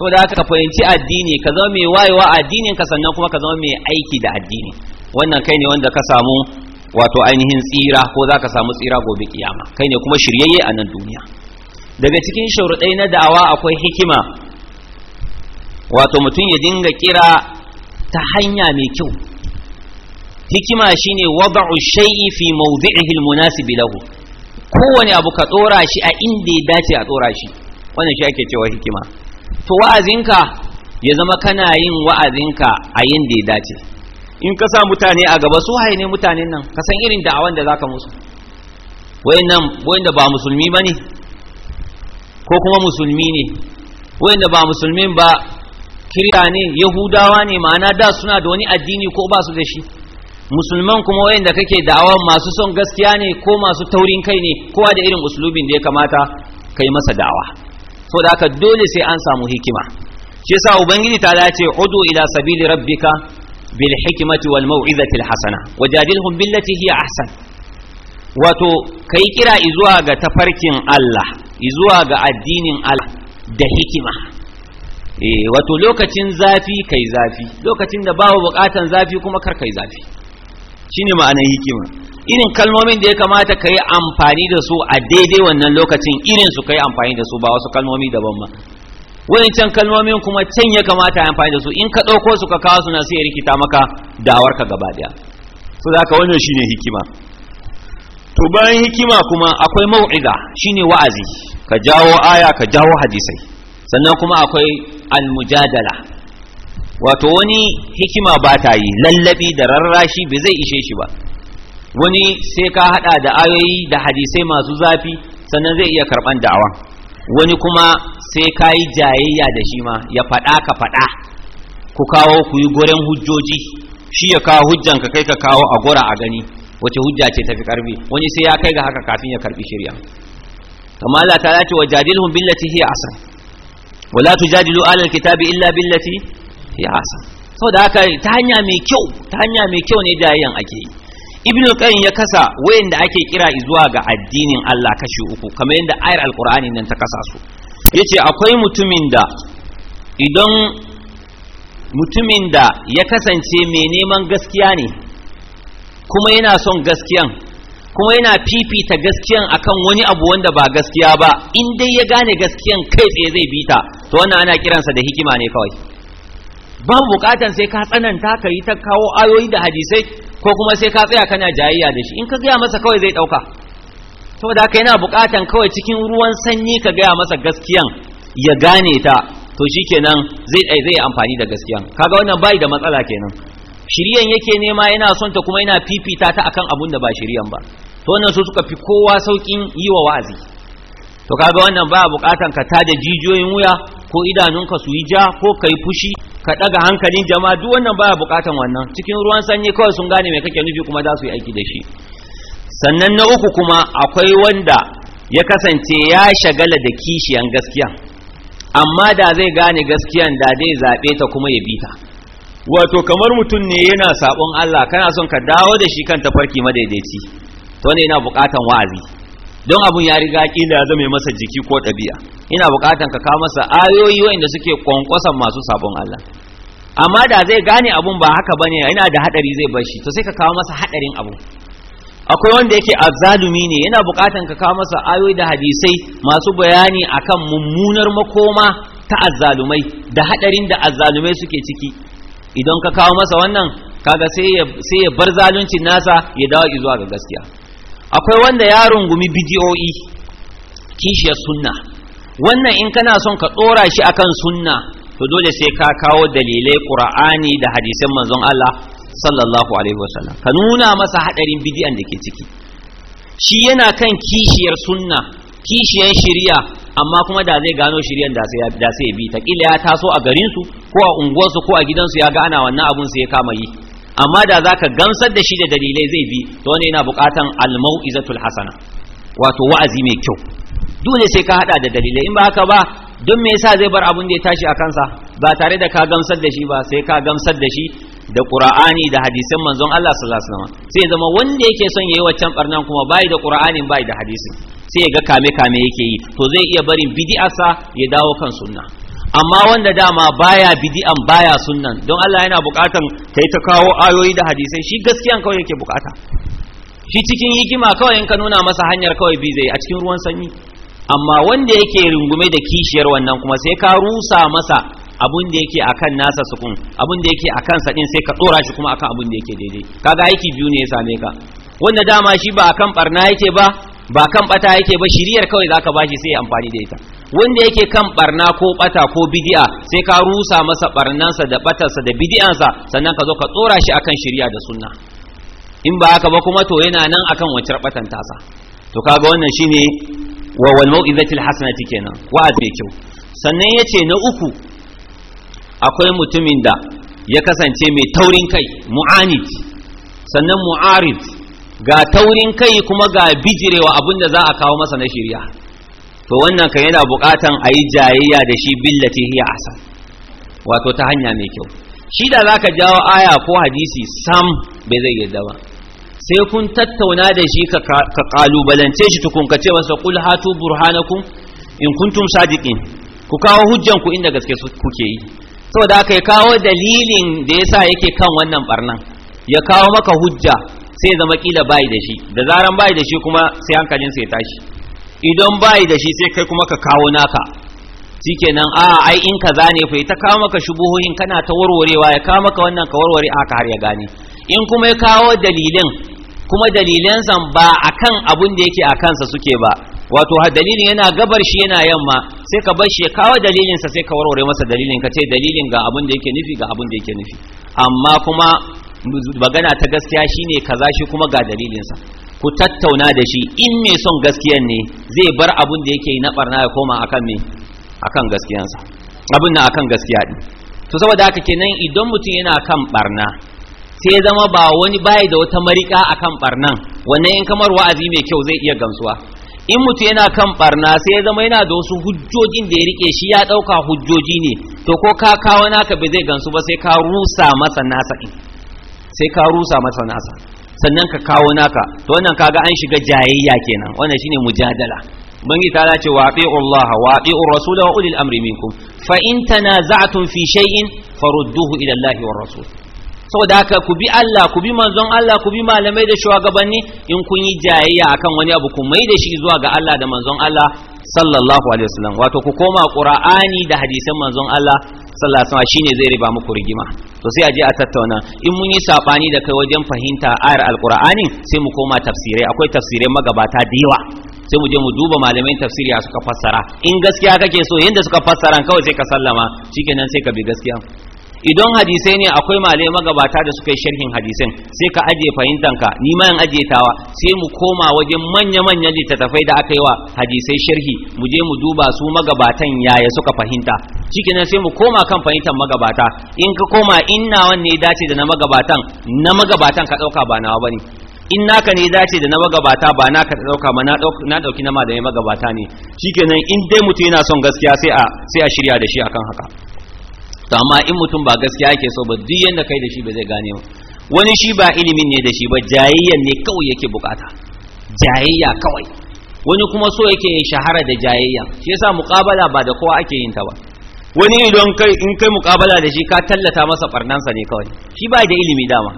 [SPEAKER 1] To da aka fahimci addini ka zama mai wayewa addinin ka sannan kuma ka zama mai aiki da addini wannan kai ne wanda ka samu wato ainihin tsira ko za ka samu tsira gobe kiyama kai ne kuma shiryayye a nan duniya daga cikin sharuɗai na da'awa akwai hikima wato mutum ya dinga kira ta hanya mai kyau hikima shine wada'u shay'i fi mawdi'ihi almunasib lahu kowane abu ka dora shi a inda ya dace a dora shi wannan shi ake cewa hikima to wa'azinka ya zama kana yin wa'azinka a inda ya dace in ka sa mutane a gaba su haine mutanen nan ka san irin da'awan da zaka musu wayannan wayanda ba musulmi bane ko kuma musulmi ne wayanda ba musulmin ba Kirya ne yahudawa ne ma'ana da suna da wani addini ko ba su da shi musulman kuma wayanda kake da'awa masu son gaskiya ne ko masu taurin kai ne kowa da irin uslubin da ya kamata kai masa da'awa da haka dole sai an samu hikima shi yasa ubangiji ta ce udu ila sabili rabbika bil hikmati wal mau'izati al hasana wajadilhum billati hiya ahsan wato kai kira izuwa ga tafarkin Allah izuwa ga addinin Allah da hikima eh wato lokacin zafi kai zafi lokacin da babu bukatan zafi kuma kar kai zafi shine ma'anar hikima irin kalmomin da ya kamata ka yi amfani da su a daidai wannan lokacin irin su ka yi amfani da su ba wasu kalmomi daban ba can kalmomin kuma can ya kamata amfani da su in ka ɗauko su ka kawo su na sai rikita maka dawar ka gaba daya so da ka wannan shine hikima to bayan hikima kuma akwai mau'iza shine wa'azi ka jawo aya ka jawo hadisai sannan kuma akwai almujadala wato wani hikima ba ta yi lallabi da rarrashi ba zai ishe shi ba wani sai ka hada da ayoyi da hadisai masu zafi sannan zai iya karban da'awa wani kuma sai ka yi jayayya da shi ma ya faɗa ka faɗa ku kawo ku yi goren hujjoji shi ya kawo hujjan ka kai ka kawo a gora a gani wace hujja ce tafi karfi wani sai ya kai ga haka kafin ya karbi shirya kamar Allah ta ce wa jadilhum billati hiya asan wala tujadilu alal kitabi illa billati hi ahsan saboda haka ta hanya mai kyau ta hanya mai kyau ne jayayyan ake yi ibn qayyim ya kasa wayanda ake kira zuwa ga addinin Allah kashi uku kamar yadda ayar alqur'ani nan ta kasa su yace akwai mutumin da idan mutumin da ya kasance mai neman gaskiya ne kuma yana son gaskiyan kuma yana fifita gaskiyan akan wani abu wanda ba gaskiya ba in dai ya gane gaskiyan kai tsaye zai bi ta to wannan ana kiransa da hikima ne kawai babu bukatan sai ka tsananta ka yi ta kawo ayoyi da hadisai ko kuma sai ka tsaya kana jayayya da shi in ka gaya masa kawai zai dauka saboda haka yana bukatan kawai cikin ruwan sanyi ka gaya masa gaskiyan ya gane ta to shikenan zai zai amfani da gaskiyan kaga wannan bai da matsala kenan shiriyan yake nema yana son ta kuma yana fifita ta akan abun da ba shiriyan ba to wannan su suka fi kowa saukin yi wa wa'azi to kaga wannan ba bukatan ka tada jijiyoyin wuya ko idanunka su yi ja ko kai fushi ka daga hankalin jama'a duk wannan baya bukatan wannan cikin ruwan sanyi kawai sun gane mai kake nufi kuma za su yi aiki da shi sannan na uku kuma akwai wanda ya kasance ya shagala da kishiyan gaskiya amma da zai gane gaskiyan da zai zaɓe ta kuma ya bi ta wato kamar mutum ne yana sabon Allah kana son ka dawo da shi kan tafarki madaidaici to ne yana bukatan wa'azi don abun ya riga kila ya zama masa jiki ko dabi'a ina bukatan ka kawo masa ayoyi wa'inda suke kwankwasan masu sabon Allah amma da zai gane abun ba haka bane yana da hadari zai bar shi to sai ka kawo masa hadarin abu akwai wanda yake azzalumi ne yana bukatan ka kawo masa ayoyi da hadisai masu bayani akan mummunar makoma ta azzalumai da hadarin da azzalumai suke ciki idan ka kawo masa wannan kaga sai ya bar zaluncin nasa ya dawo zuwa ga gaskiya akwai wanda ya rungumi bidiyoyi kishiyar sunna wannan in kana son ka dora shi akan sunna to dole sai ka kawo dalilai qur'ani da hadisan manzon Allah sallallahu alaihi wasallam ka nuna masa hadarin bidiyan da ke ciki shi yana kan kishiyar sunna kishiyar shari'a amma kuma da zai gano shiryan da sai da sai bi ya taso a garin su ko a unguwarsu ko a gidansu ya ga ana wannan abun sai ya kama yi amma da zaka gamsar da shi da dalilai zai bi to ne yana bukatan al-mau'izatul hasana wato wa'azi mai kyau dole sai ka hada da dalilai in ba haka ba don me yasa zai bar abun da ya tashi a kansa ba tare da ka gamsar da shi ba sai ka gamsar da shi da qur'ani da hadisin manzon Allah sallallahu alaihi wasallam sai zama wanda yake son yayi waccan barnan kuma bai da qur'anin bai da hadisin sai ya ga kame kame yake yi to zai iya barin sa ya dawo kan sunna amma wanda dama baya bidi'an baya sunnan don Allah yana bukatan kai ta kawo ayoyi da hadisai shi gaskiya kawai yake bukata shi cikin hikima kawai in ka nuna masa hanyar kawai bi zai a cikin ruwan sanyi amma wanda yake rungume da kishiyar wannan kuma sai ka rusa masa abun da yake akan nasa sukun abun da yake akan sa din sai ka dora shi kuma akan abun da yake daidai kaga aiki biyu ne ya same ka wanda dama shi ba akan barna yake ba ba kan bata yake ba shiriyar kawai zaka bashi sai amfani da ita wanda yake kan barna ko bata ko bid'a sai ka rusa masa barnansa da batarsa da bid'ansa sannan ka zo ka tsora shi akan shiriya da sunna in ba haka ba kuma to yana nan akan wancan batan tasa to kaga wannan shine wa wal mau'izatil hasanati kenan wa mai kyau sannan yace na uku akwai mutumin da ya kasance mai taurin kai mu'anid sannan mu'arid ga taurin kai kuma ga bijirewa abin za a kawo masa na shirya to wannan kan yana buƙatan a yi jayayya da shi billati hiya asan wato ta hanya mai kyau shi da za jawo aya ko hadisi sam bai zai yadda ba sai kun tattauna da shi ka kalubalance shi tukun ka ce masa kul hatu burhanakum in kuntum sadiqin ku kawo hujjan ku inda gaske kuke yi saboda aka yi kawo dalilin da yasa yake kan wannan barnan ya kawo maka hujja sai zama kila bayi da shi da zaran bayi da shi kuma sai hankalin sai tashi idan bai da shi sai kai kuma ka kawo naka shikenan a ai in ka zane fa ta kawo maka shubuhoyin kana ta warwarewa ya kawo maka wannan ka warware haka har ya gane in kuma ya kawo dalilin kuma dalilan san ba akan abun da yake a kansa suke ba wato dalilin yana gabar shi yana yamma sai ka bar shi ya kawo dalilin sa sai ka warware masa dalilin ka ce dalilin ga abun da yake nufi ga abun da yake nufi amma kuma magana ta gaskiya shine kaza shi kuma ga dalilinsa ku tattauna da shi in mai son gaskiyan ne zai bar abun da yake yi na barna ya koma akan me akan gaskiyansa abin na akan gaskiya din to saboda haka kenan idan mutum yana kan barna sai zama ba wani bai da wata marika akan barnan wannan in kamar wa'azi mai kyau zai iya gamsuwa in mutum yana kan barna sai zama yana da wasu hujjojin da ya rike shi ya dauka hujjoji ne to ko ka kawo naka ba zai gansu ba sai ka rusa masa nasa din sai ka rusa masa nasa sannan ka kawo naka to wannan kaga an shiga jayayya kenan wannan shine mujadala bangi ta ce wa Allah wa atiu rasul wa ulil amri minkum fa in tanaza'tum fi shay'in farudduhu ila Allah wa rasul saboda haka ku bi Allah ku bi manzon Allah ku bi malamai da shugabanni in kun yi jayayya akan wani abu ku mai da shi zuwa ga Allah da manzon Allah sallallahu alaihi wasallam wato ku koma qur'ani da hadisan manzon Allah sallallahu alaihi wasallam shine zai riba muku rigima to sai a a tattauna in mun yi sabani da kai wajen fahimta ayar alqur'ani sai mu koma tafsirai akwai tafsirai magabata da yawa sai mu je mu duba malamin tafsiri suka fassara in gaskiya kake so yanda suka fassara kawai sai ka sallama shikenan sai ka bi gaskiya idan hadisai ne akwai male magabata da suka yi sharhin hadisin sai ka ajiye fahimtanka ni ma in ajiye tawa sai mu koma wajen manya manya littattafai da aka yi wa hadisai sharhi mu je mu duba su magabatan yaya suka fahimta cikin sai mu koma kan fahimtar magabata in ka koma na wanne dace da na magabatan na magabatan ka dauka ba nawa bane in naka ne dace da na magabata ba naka ka dauka ma na dauki na malamai magabata ne shikenan in dai mutum yana son gaskiya sai a sai a shirya da shi akan haka to amma in mutum ba gaskiya yake so ba duk yanda kai da shi ba zai gane ba wani shi ba ilimin ne da shi ba jayayyan ne kawai yake bukata jayayya kawai wani kuma so yake shahara da jayayya shi yasa muqabala ba da kowa ake yin ta ba wani idan kai in kai muqabala da shi ka tallata masa barnansa ne kawai shi ba da ilimi dama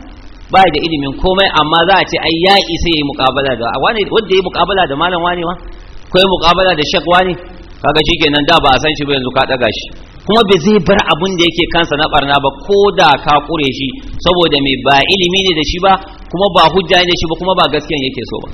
[SPEAKER 1] ba da ilimin komai amma za a ce ai ya isa yayi muqabala da wani wanda yayi muqabala da malam wani ma kai muqabala da shek wani kaga shikenan da ba a san shi ba yanzu ka daga shi kuma bai zai bar abun da yake kansa na barna ba ko da ka kure shi saboda mai ba ilimi ne da shi ba kuma ba hujja ne da shi ba kuma ba gaskiyan yake so ba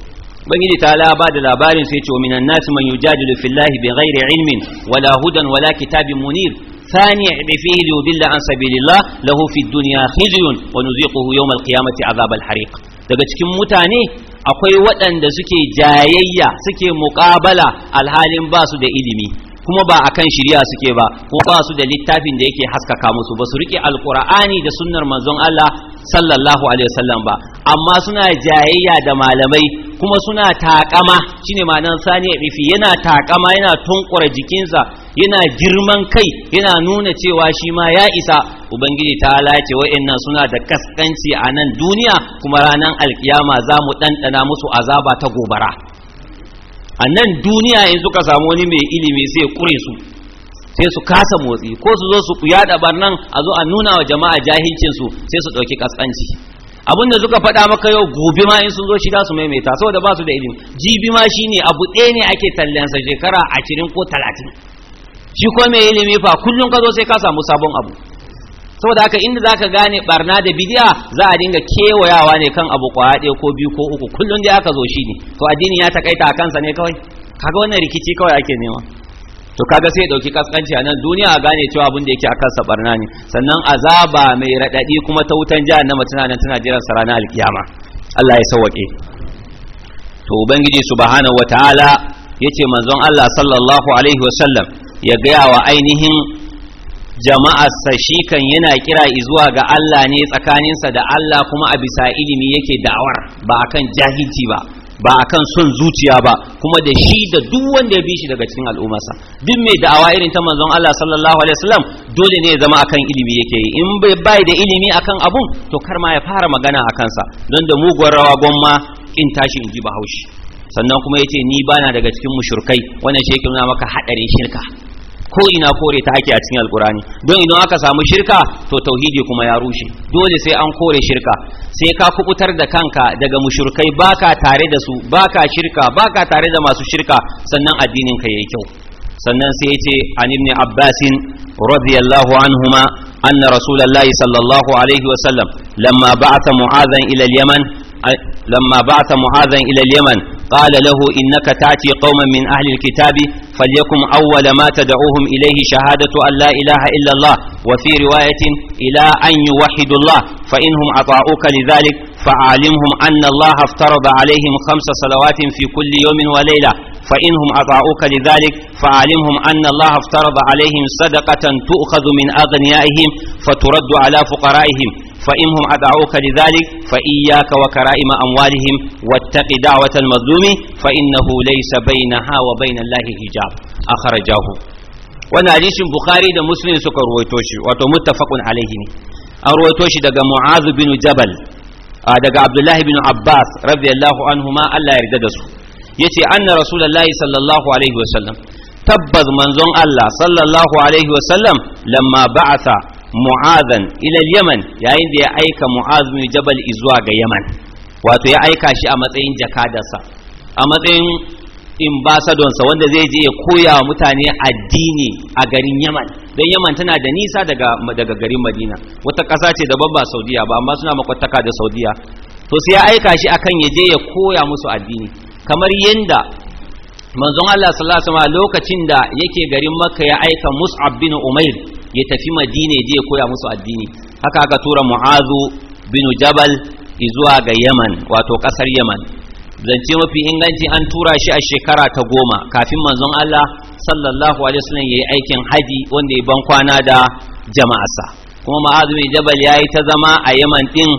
[SPEAKER 1] ubangiji ta ala ba da labarin sai ce minan nas man yujadilu fillahi bighairi ilmin wala hudan wala kitabin munir ثاني فيه ليضل عن سبيل الله له في الدنيا خزي ونذيقه يوم القيامة عذاب الحريق daga cikin mutane akwai waɗanda suke jayayya suke muƙabala alhalin ba su da ilimi kuma ba akan shirya suke ba ko ba su da littafin da yake haskaka musu ba su riƙe alƙur'ani da sunnar manzon Allah sallallahu alaihi wasallam ba amma suna jayayya da malamai kuma suna takama shine ma'anar sani bifi yana takama yana tunkura jikinsa yana girman kai yana nuna cewa shi ma ya isa ubangiji ta halace wa'annan suna da kaskanci a nan duniya kuma ranar alkiyama za mu ɗanɗana musu azaba ta gobara a nan duniya in suka samu wani mai ilimi sai kure su sai su kasa motsi ko su zo su yada barnan a zo a nuna wa jama'a jahincinsu sai su ɗauki kaskanci abinda suka faɗa maka yau gobe ma in sun zo shi su maimaita saboda ba su da ilimi jibi ma shine abu ɗaya ne ake tallansa shekara ashirin ko talatin shi ko mai ilimi fa kullum ka zo sai ka samu sabon abu saboda haka inda ka gane barna da bidiya za a dinga kewayawa ne kan abu kwaya ko biyu ko uku kullum dai aka zo shi ne to addini ya takaita a kansa ne kawai kaga wannan rikici kawai ake nema to kaga sai ya dauki kaskanci a nan duniya a gane cewa abin da yake a kansa barna ne sannan azaba mai radadi kuma ta wutan jahannama tana nan tana jiran sa ranar alkiyama Allah ya sauke to ubangiji subhanahu wataala yace manzon Allah sallallahu alaihi wasallam ya gaya wa ainihin jama'arsa shi kan yana kira zuwa ga Allah ne tsakaninsa da Allah kuma a bisa ilimi yake da'awar ba akan jahilci ba ba akan son zuciya ba kuma da shi da duk wanda ya bi shi daga cikin al'ummarsa duk mai da'awa irin ta manzon Allah sallallahu alaihi wasallam dole ne ya zama akan ilimi yake yi in bai bai da ilimi akan abun to kar ma ya fara magana akan sa don da muguwar rawa gwamma in tashi in ji bahaushe sannan kuma yace ni bana daga cikin mushrikai wannan shi yake nuna maka hadarin shirka ko ina kore ta ake a cikin alkurani don idan aka samu shirka to tauhidi kuma ya rushe dole sai an kore shirka sai ka kubutar da kanka daga mushrikai baka tare da su baka shirka baka tare da masu shirka sannan addinin ka yayi kyau sannan sai yace an ibn abbasin radiyallahu anhuma anna rasulullahi sallallahu alaihi wasallam lamma ba'atha mu'adhan ila al-yaman lamma ba'atha mu'adhan ila al-yaman قال له إنك تأتي قوما من أهل الكتاب فليكن أول ما تدعوهم إليه شهادة أن لا إله إلا الله وفي رواية إلى أن يوحدوا الله فإنهم أطاعوك لذلك فعالمهم أن الله افترض عليهم خمس صلوات في كل يوم وليلة فإنهم أطاعوك لذلك فعلمهم أن الله افترض عليهم صدقة تؤخذ من أغنيائهم فترد على فقرائهم فإنهم أدعوك لذلك فإياك وكرائم أموالهم واتق دعوة المظلوم فإنه ليس بينها وبين الله حجاب أخرجاه wannan hadisin bukhari da muslim suka ruwaito shi wato muttafaqun alaihi ne an ruwaito shi daga mu'az bin jabal daga abdullahi bin abbas radiyallahu anhuma Allah ya yarda da su yace anna rasulullahi sallallahu alaihi wasallam tabbas manzon Allah sallallahu alaihi wasallam lamma ba'atha mu'azan ilal yaman yayin da ya aika mu'az mai jabal izuwa ga yaman wato ya aika shi a matsayin jakadarsa a matsayin imbasadonsa wanda zai je ya koya wa mutane addini a garin yaman don yaman tana da nisa daga, garin madina wata ƙasa ce daban ba saudiya ba amma suna makwattaka da saudiya to sai ya aika shi akan ya je ya koya musu addini kamar yadda manzon allah sallallahu alaihi lokacin da yake garin makka ya aika mus'ab bin umair ya tafi madina je ya koya musu addini haka aka tura mu'azu bin jabal zuwa ga yaman wato kasar yaman zance mafi inganci an tura shi a shekara ta goma kafin manzon Allah sallallahu alaihi wasallam yayi aikin haji wanda ya ban kwana da jama'arsa kuma mu'azu bin jabal yayi ta zama a yaman din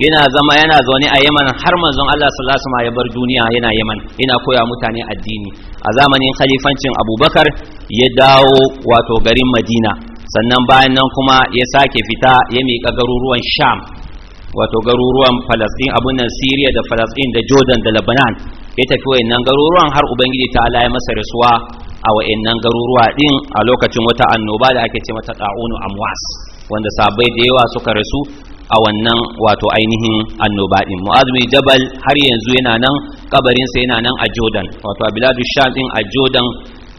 [SPEAKER 1] yana zama yana zaune a yaman har manzon Allah sallallahu alaihi wasallam ya bar duniya yana yaman yana koya mutane addini a zamanin khalifancin abubakar ya dawo wato garin madina sannan bayan nan kuma ya sake fita ya miƙa garuruwan sham wato garuruwan Falasɗin abin nan siriya da Falasɗin da jordan da Labanan ya tafi wayannan garuruwan har ubangiji ta ala ya masa rasuwa a wa'annan garuruwa ɗin a lokacin wata annoba da ake ce mata ɗa'unu amwas wanda sabai da yawa suka rasu a wannan wato ainihin annoba ɗin jabal har yanzu yana nan kabarinsa yana nan a jordan wato a biladu sham ɗin a jordan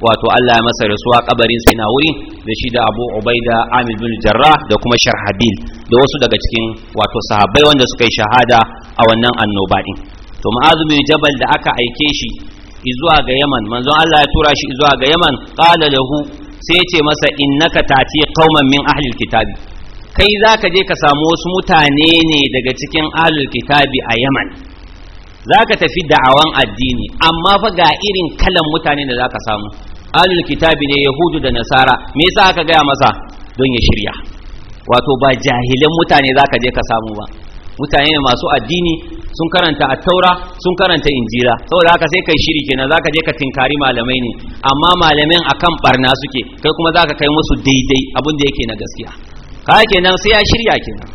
[SPEAKER 1] wato Allah ya masa rasuwa kabarin sai na wuri da shi da Abu Ubaida Amir bin Jarrah da kuma Sharhabil da wasu daga cikin wato sahabbai wanda suka yi shahada a wannan annoba din to Mu'adh bin Jabal da aka aike shi zuwa ga Yaman manzon Allah ya tura shi zuwa ga Yaman qala lahu sai ya ce masa innaka tati qauman min ahli alkitabi kai zaka je ka samu wasu mutane ne daga cikin ahli alkitabi a Yaman zaka tafi da'awan addini amma fa ga irin kalan mutane da zaka samu alul kitabi ne yahudu da nasara me yasa aka gaya masa don ya shirya wato ba jahilan mutane zaka je ka samu ba mutane ne masu addini sun karanta a taura sun karanta injila saboda haka sai kai shiri kenan zaka je ka tinkari malamai ne amma malamin akan barna suke kai kuma zaka kai musu daidai abin da yake na gaskiya ka kenan sai ya shirya kenan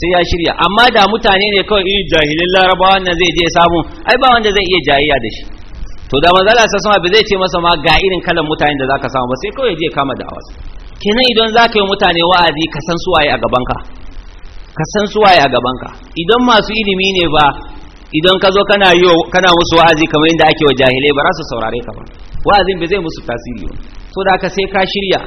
[SPEAKER 1] sai ya shirya amma da mutane ne kawai irin jahilin larabawa wannan zai je samu ai ba wanda zai iya jayayya da shi to da manzala sai sama ba zai ce masa ma ga irin kalan mutanen da zaka samu ba sai kawai je kama da awas kenan idan zaka yi mutane wa'azi ka san suwaye a gaban ka ka san suwaye a gaban ka idan masu ilimi ne ba idan ka zo kana yi kana musu wa'azi kamar yadda ake wa jahilai ba za su saurare ka ba wa'azin bai zai musu tasiri ba to da ka sai ka shirya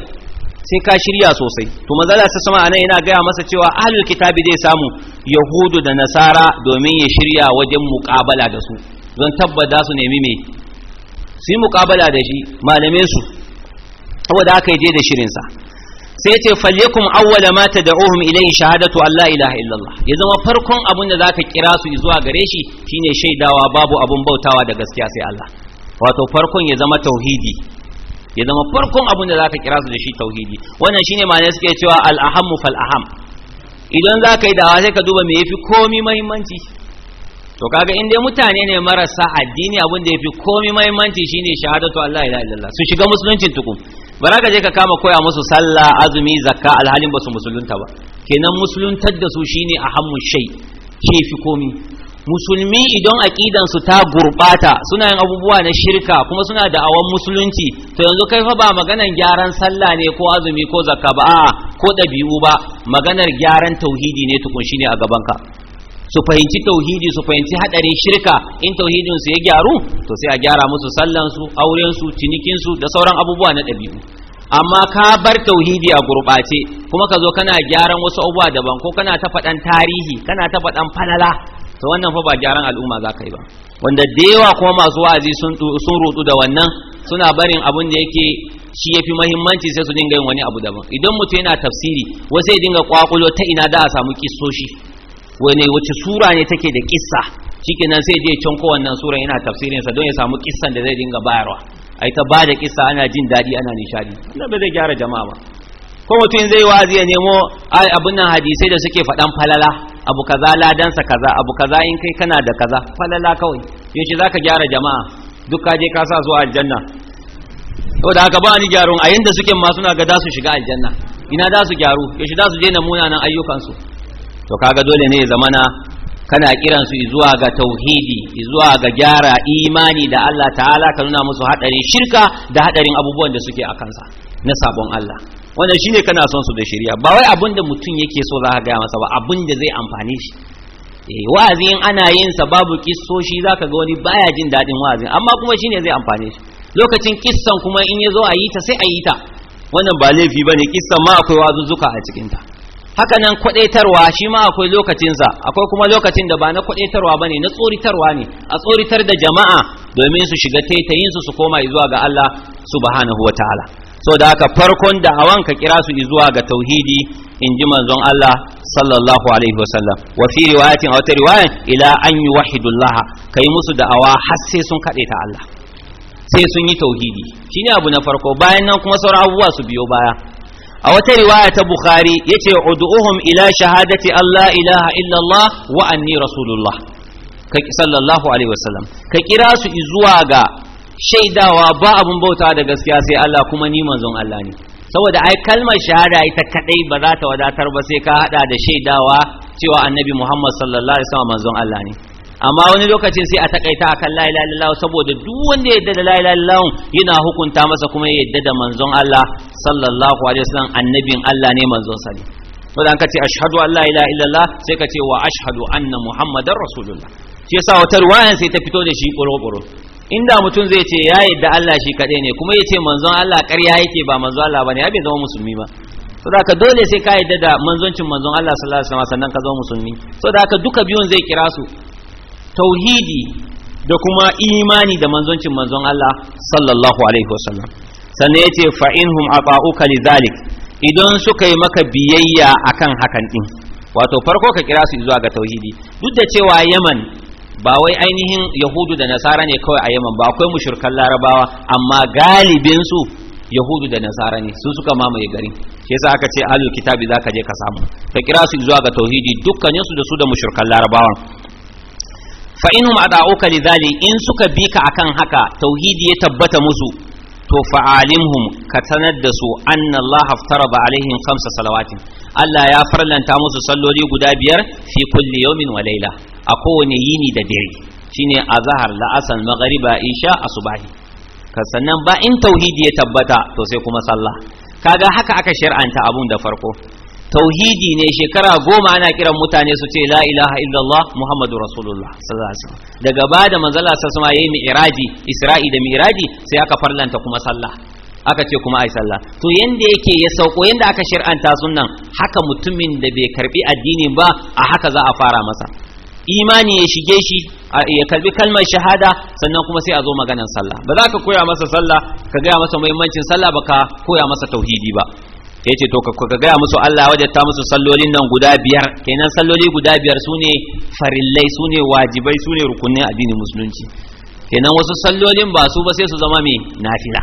[SPEAKER 1] sai ka shirya sosai to manzala sai sama anan yana gaya masa cewa ahlul kitabi zai samu yahudu da nasara domin ya shirya wajen muqabala da su zan tabbata su nemi mai. su yi mukabala da shi malame su saboda aka yi da shirinsa sai ce falyakum awwala ma tad'uhum ilayhi shahadatu Allah ilaha illallah ya zama farkon abin da zaka kira su zuwa gare shi shine shaidawa babu abun bautawa da gaskiya sai Allah wato farkon ya zama tauhidi ya zama farkon abin da zaka kira su da shi tauhidi wannan shine ma'ana suke cewa al ahammu fal aham idan zaka yi dawa sai ka duba me yafi komai muhimmanci to kaga in dai mutane ne marasa addini abin da yafi komai muhimmanci shine shahadatu Allah ilaha illallah su shiga musuluncin tukun bara ka je ka kama koya musu sallah azumi zakka alhalin ba su musulunta ba kenan musuluntar da su shine ahammu shay shi fi komai musulmi idan aqidan su ta gurbata suna yin abubuwa na shirka kuma suna da awan musulunci to yanzu kai fa ba maganar gyaran sallah ne ko azumi ko zakka ba a ko dabi'u ba maganar gyaran tauhidi ne tukun shine a gaban ka su fahimci tauhidi su fahimci hadarin shirka in tauhidin su ya gyaru to sai a gyara musu sallan su auren su cinikin su da sauran abubuwa na dabi'u amma ka bar tauhidi a gurbace kuma ka zo kana gyaran wasu abubuwa daban ko kana ta faɗan tarihi kana ta faɗan falala to wannan fa ba gyaran al'umma za ka ba wanda da yawa kuma masu wa'azi sun rutu da wannan suna barin abin da yake shi fi muhimmanci sai su dinga yin wani abu daban idan mutum yana tafsiri wasu ya dinga kwakulo ta ina da a samu kisoshi wani wace sura ne take da kissa nan sai je can kowannan sura yana tafsirin sa don ya samu kissan da zai dinga bayarwa ai ta ba da kissa ana jin dadi ana nishadi wannan ba zai gyara jama'a ba ko mutum zai wazi ya nemo ai abun nan hadisai da suke faɗan falala abu kaza sa kaza abu kaza in kai kana da kaza falala kawai yaushe zaka gyara jama'a duk ka je ka sa zuwa aljanna saboda haka ba ni gyaron a yanda suke ma suna ga da su shiga aljanna ina da su gyaru yaushe da su je nan ayyukan ayyukansu to kaga dole ne zamana kana kiran su zuwa ga tauhidi zuwa ga gyara imani da Allah ta'ala ka nuna musu hadarin shirka da hadarin abubuwan da suke a kansa na sabon Allah wannan shine kana son su da shari'a ba wai abinda da mutum yake so za ka gaya masa ba abinda zai amfane shi eh wa'azin ana yin sa babu kissoshi zaka ga wani baya jin dadin wa'azin amma kuma shine zai amfane shi lokacin kissan kuma in ya zo a yi ta sai a yi ta wannan ba laifi bane kissan ma akwai wazuzzuka a cikin ta haka nan kwadaitarwa shi ma akwai lokacinsa akwai kuma lokacin da ba na kwadaitarwa ba ne na tsoritarwa ne a tsoritar da jama'a domin su shiga taitayinsu su koma zuwa ga Allah subhanahu wa ta'ala so da haka farkon awan ka kira su zuwa ga tauhidi in ji manzon Allah sallallahu alaihi wasallam wa fi riwayatin aw riwayan ila an yuwahidullah kai musu da awa har sai sun kade ta Allah sai sun yi tauhidi shine abu na farko bayan nan kuma sauran abubuwa su biyo baya a wata riwaya ta bukhari yace ud'uhum ila shahadati allah ilaha illallah wa anni rasulullah ka sallallahu alaihi wasallam ka kira su zuwa ga shaidawa ba abun bauta da gaskiya sai Allah kuma ni manzon Allah ne saboda ai kalmar shahada ita kadai ba za ta wadatar ba sai ka hada da shaidawa cewa annabi Muhammad sallallahu alaihi wasallam manzon Allah ne amma wani lokacin sai a takaita akan la ilaha illallah saboda duk wanda ya yadda da la ilaha illallah yana hukunta masa kuma ya yadda da manzon Allah sallallahu alaihi wasallam annabin Allah ne manzon sa Wadan kace ashhadu an la ilaha illallah sai kace wa ashhadu anna muhammadar rasulullah shi yasa wata ruwayan sai ta fito da shi ƙoro inda mutum zai ce ya yadda Allah shi kaɗai ne kuma yace manzon Allah ƙarya yake ba manzon Allah bane ya bai zama musulmi ba saboda haka dole sai ka yadda da manzoncin manzon Allah sallallahu alaihi wasallam sannan ka zama musulmi saboda haka duka biyun zai kira su tauhidi da kuma imani da manzoncin manzon Allah sallallahu alaihi wasallam sannan yace fa inhum ata'uka lidhalik idan suka yi maka biyayya akan hakan din wato farko ka kira su zuwa ga tauhidi duk da cewa Yaman ba wai ainihin yahudu da nasara ne kawai a Yaman ba akwai mushrikan larabawa amma galibin su yahudu da nasara ne su suka mamaye gari shi yasa aka ce alul kitabi zaka je ka samu ka kira su zuwa ga tauhidi dukkanin su da su da mushrikan larabawan fa inhum ada'uka lidhali in suka bi ka akan haka tauhidi ya tabbata musu to fa'alimhum ka sanar da su anna Allah aftarada alaihim khamsa salawatin Allah ya farlanta musu salloli guda biyar fi kulli yawmin wa layla a kowane yini da dare shine azhar la'asar maghriba isha asubahi ka sannan ba in tauhidi ya tabbata to sai kuma sallah kaga haka aka shar'anta abun da farko tauhidi ne shekara goma ana kiran mutane su ce la ilaha illallah muhammadu rasulullah sallallahu alaihi wasallam daga baya da manzala sallallahu alaihi wasallam mi'raji isra'i da mi'raji sai aka farlanta kuma sallah aka ce kuma ai sallah to yanda yake ya sauko yanda aka shir'anta sunnan haka mutumin da bai karbi addini ba a haka za a fara masa imani ya shige shi ya karbi kalmar shahada sannan kuma sai a zo maganar sallah ba za ka koya masa sallah ka gaya masa muhimmancin sallah ba ka koya masa tauhidi ba sai ce to ka gaya musu Allah wajata musu sallolin nan guda biyar kenan salloli guda biyar sune farillai sune wajibai sune rukunin addinin musulunci kenan wasu sallolin ba su ba sai su zama mai nafila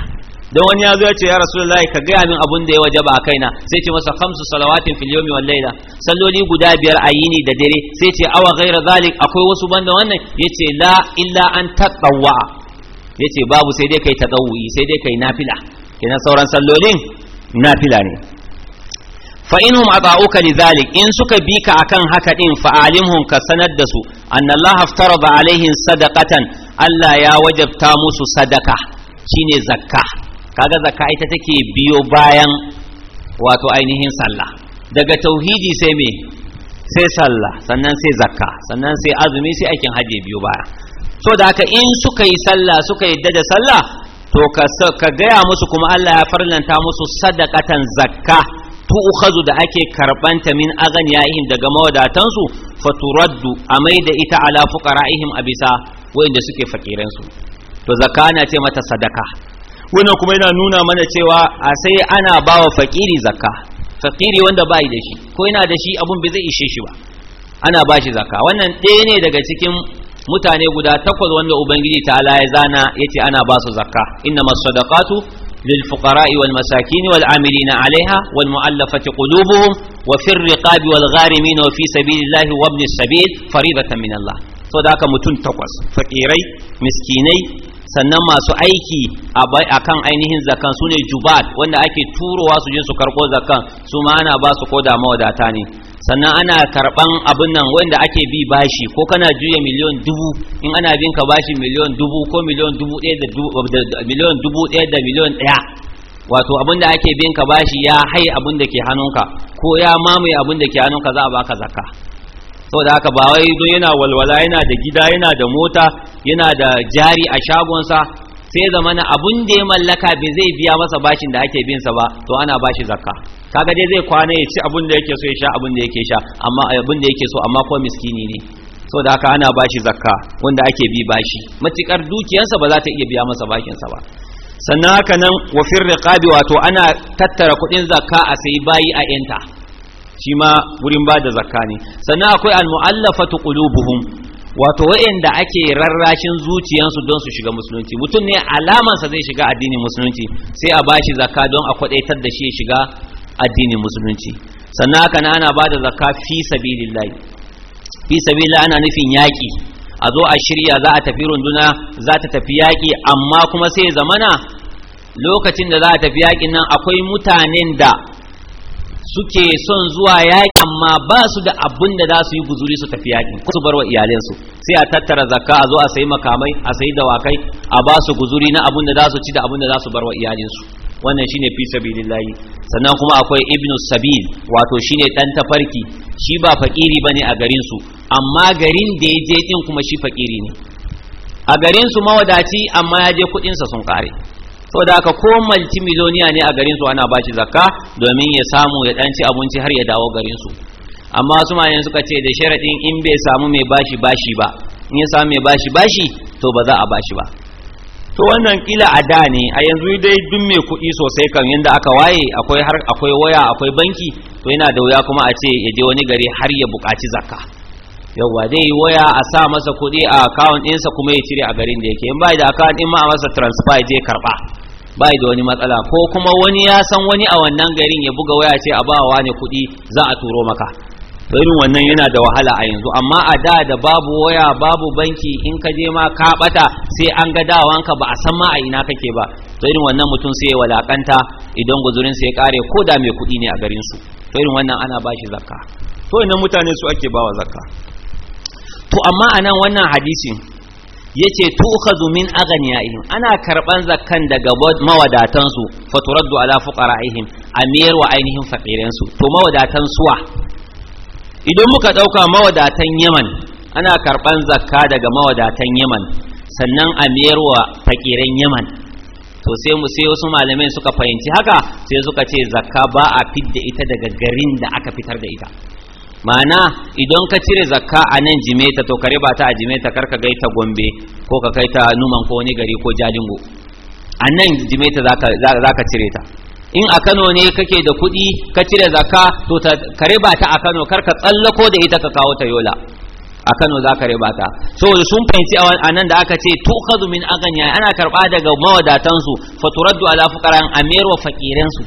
[SPEAKER 1] don wani ya zo ya ce ya rasulullahi ka gaya min abun da ya waje ba a kaina sai ce masa khamsu salawatin fil yawmi wal layla salloli guda biyar a yini da dare sai ce awa ghaira zalik akwai wasu banda wannan yace la illa an tatawwa yace babu sai dai kai tadawwi sai dai kai nafila kenan sauran sallolin nafila ne fa inhum ata'uka lidhalik in suka bi ka akan haka din fa alimhum ka sanar da su anna Allah aftarada alaihim sadaqatan Allah ya wajabta musu sadaka shine zakka kaga zakka ita take biyo bayan wato ainihin sallah daga tauhidi sai me sai sallah sannan sai zakka sannan sai azumi sai aikin hajji biyo baya so da haka in suka yi sallah suka yadda da sallah to ka gaya musu kuma Allah ya farlanta musu sadakatan zakka tu'khadhu da ake karbanta min aganiyahin daga mawadatansu faturaddu amai da ita ala fuqara'ihim abisa wa'inda suke fakiran su to zakana ce mata sadaka wannan kuma yana nuna mana cewa a sai ana bawa fakiri zakka fakiri wanda bai da shi ko yana da shi abun bai zai ishe shi ba ana ba shi zakka wannan ɗaya ne daga cikin mutane guda takwas wanda ubangiji ta ya zana yace ana ba su zakka masu sadaqatu للفقراء والمساكين والعاملين عليها والمؤلفة قلوبهم وفي الرقاب والغارمين وفي سبيل الله وابن السبيل فريضة من الله صدق متن تقص فقيري مسكيني sannan masu aiki a kan ainihin zakan su ne jubat wanda ake turowa su je su karko zakan su ma ana ba su ko da mawadata ne sannan ana karban abin nan wanda ake bi bashi ko kana juya miliyon dubu in ana bin ka bashi miliyon dubu ko miliyon dubu ɗaya da miliyon dubu ɗaya da miliyon ɗaya wato abin da ake bin ka bashi ya hai abin da ke hannunka ko ya mamaye abin da ke hannunka za a baka zakka saboda haka ba wai don yana walwala yana da gida yana da mota yana da jari a shagonsa sai zamana abun da ya mallaka bai zai biya masa bashin da ake bin sa ba to ana bashi zakka kaga dai zai kwana ya ci abun da yake so ya sha abun da yake sha amma abun da yake so amma ko miskini ne so da haka ana bashi zakka wanda ake bi bashi matikar dukiyarsa ba za ta iya biya masa bakin sa ba sannan haka nan wa fir riqabi wato ana tattara kudin zakka a sai bayi a yanta shi ma wurin ba da zakka ne sannan akwai al mu'allafatu qulubuhum wato wa'anda ake rarrashin zuciyansu don su shiga musulunci mutum ne alamansa zai shiga addinin musulunci sai a bashi zakka don a kwadaitar da shi shiga addinin musulunci sannan haka na ana bada zakka fi sabilillah fi sabilillahi ana nufin yaƙi, a zo a shirya za a tafi runduna za ta tafi yaki amma kuma sai zamana lokacin da za a tafi yakin nan akwai mutanen da suke son zuwa yaƙi amma ba su da abin da za su yi guzuri su tafi yaƙi, ko su bar wa iyalansu sai a tattara zakka a zo a sayi makamai a sayi dawakai a ba su guzuri na abin da za su ci da abin da za su bar wa iyalinsu wannan shine fi sabilillahi sannan kuma akwai ibnu sabil wato shine dan tafarki shi ba fakiri bane a garin su amma garin da ya je din kuma shi fakiri ne a garin su mawadaci amma ya je kudin sa sun kare saboda haka ko miliyoniya ne a garin su ana bashi zakka domin ya samu ya dan abinci har ya dawo garin su amma su ma yanzu suka ce da sharadin in bai samu mai bashi bashi ba in ya samu mai bashi bashi to ba za a bashi ba to wannan kila a da ne a yanzu dai duk mai kuɗi sosai kan yanda aka waye akwai har akwai waya akwai banki to yana da wuya kuma a ce ya je wani gari har ya buƙaci zakka yawwa dai waya a sa masa kuɗi a account ɗinsa kuma ya cire a garin da yake in ba da account ɗin ma a masa transfer je karɓa bai da wani matsala ko kuma wani ya san wani a wannan garin ya buga waya ce a bawa ne kuɗi za a turo maka to irin wannan yana da wahala a yanzu amma a da da babu waya babu banki in ka je ma ka bata sai an ga dawanka ba a san ma a ina kake ba to irin wannan mutum sai ya walakanta idan guzurin sai ya kare ko da mai kuɗi ne a garin su to irin wannan ana ba shi zakka to idan mutane su ake bawa zakka to amma anan wannan hadisin yace tu'khadhu min aghniyaihim ana karban zakkan daga mawadatan su turaddu ala fuqaraihim amir wa ainihin faqirin su to mawadatan suwa idan muka dauka mawadatan Yaman ana karban zakka daga mawadatan Yaman sannan amir wa faqirin Yaman to sai mu sai wasu malamai suka fahimci haka sai suka ce zakka ba a fidda ita daga garin da aka fitar da ita ma'ana idan ka cire zakka a nan jimeta to ka riba ta a jimeta kar ka gaita gombe ko ka kai ta numan ko wani gari ko jalingo a nan jimeta za ka cire ta in a kano ne kake da kuɗi ka cire zakka to ka riba ta a kano kar ka tsallako da ita ka kawo ta yola a kano za ka riba ta so sun fahimci a nan da aka ce tukhadhu min aganiya ana karba daga mawadatansu faturaddu ala fuqara amirwa fakiransu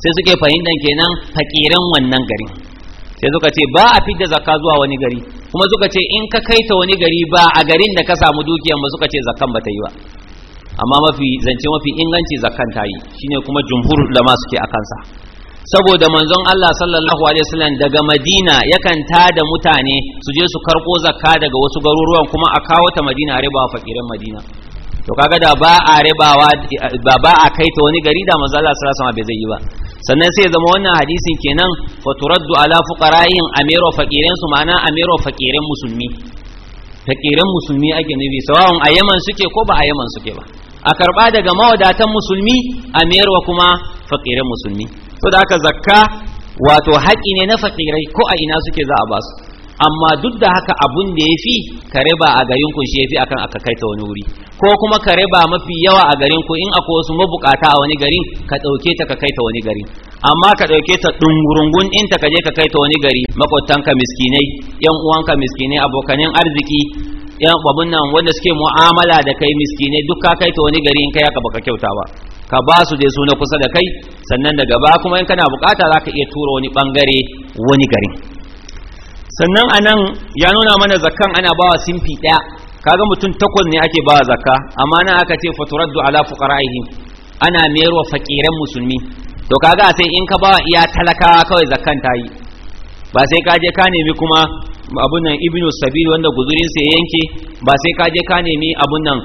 [SPEAKER 1] sai suke fahimtan kenan fakiran wannan garin sai suka ce ba a fidda zakka zuwa wani gari kuma suka ce in ka kaita wani gari ba a garin da ka samu dukiyar ba suka ce zakkan ba ta yi ba amma mafi zance mafi inganci zakkan ta yi shine kuma jumhur ma suke akan sa saboda manzon Allah sallallahu alaihi wasallam daga Madina yakan ta da mutane su je su karko zakka daga wasu garuruwan kuma a kawo ta Madina a riba fakirin Madina to kaga da ba a ribawa ba ba a kai ta wani gari da manzo Allah sallallahu alaihi wasallam bai zai yi ba sannan sai zama wannan hadisin kenan fa turaddu ala fuqara'in amiru faqirin su ma'ana amiru faqirin musulmi faqirin musulmi ake nufi sawa'un a Yaman suke ko ba a Yaman suke ba a karba daga mawadatan musulmi wa kuma faqirin musulmi to da aka zakka wato haƙi ne na faqirai ko a ina suke za a basu amma duk da haka abun da ya fi kare ba a garin ku shi ya fi akan aka kai ta wani wuri ko kuma kare ba mafi yawa a garin ku in akwai wasu mabukata a wani garin ka ɗauke ta ka kai ta wani gari amma ka ɗauke ta ɗungurungun in ta ka je ka kai ta wani gari makwabtanka miskinai yan uwanka miskinai abokanin arziki yan babun nan wanda suke mu'amala da kai miskinai duk ka kai ta wani gari in kai haka baka kyauta ba ka ba su dai su na kusa da kai sannan daga ba kuma in kana bukata za ka iya tura wani bangare wani garin sannan a nan ya nuna mana zakkan ana bawa simfi ɗaya kaga mutum takwas ne ake bawa zakka amma nan aka ce faturaddu ala fuqara'ihim ana mayar wa fakiran musulmi to kaga sai in ka bawa iya talakawa kawai zakkan ta yi ba sai ka je ka nemi kuma abun nan ibnu sabil wanda guzurin sa yanke ba sai ka je ka nemi abun nan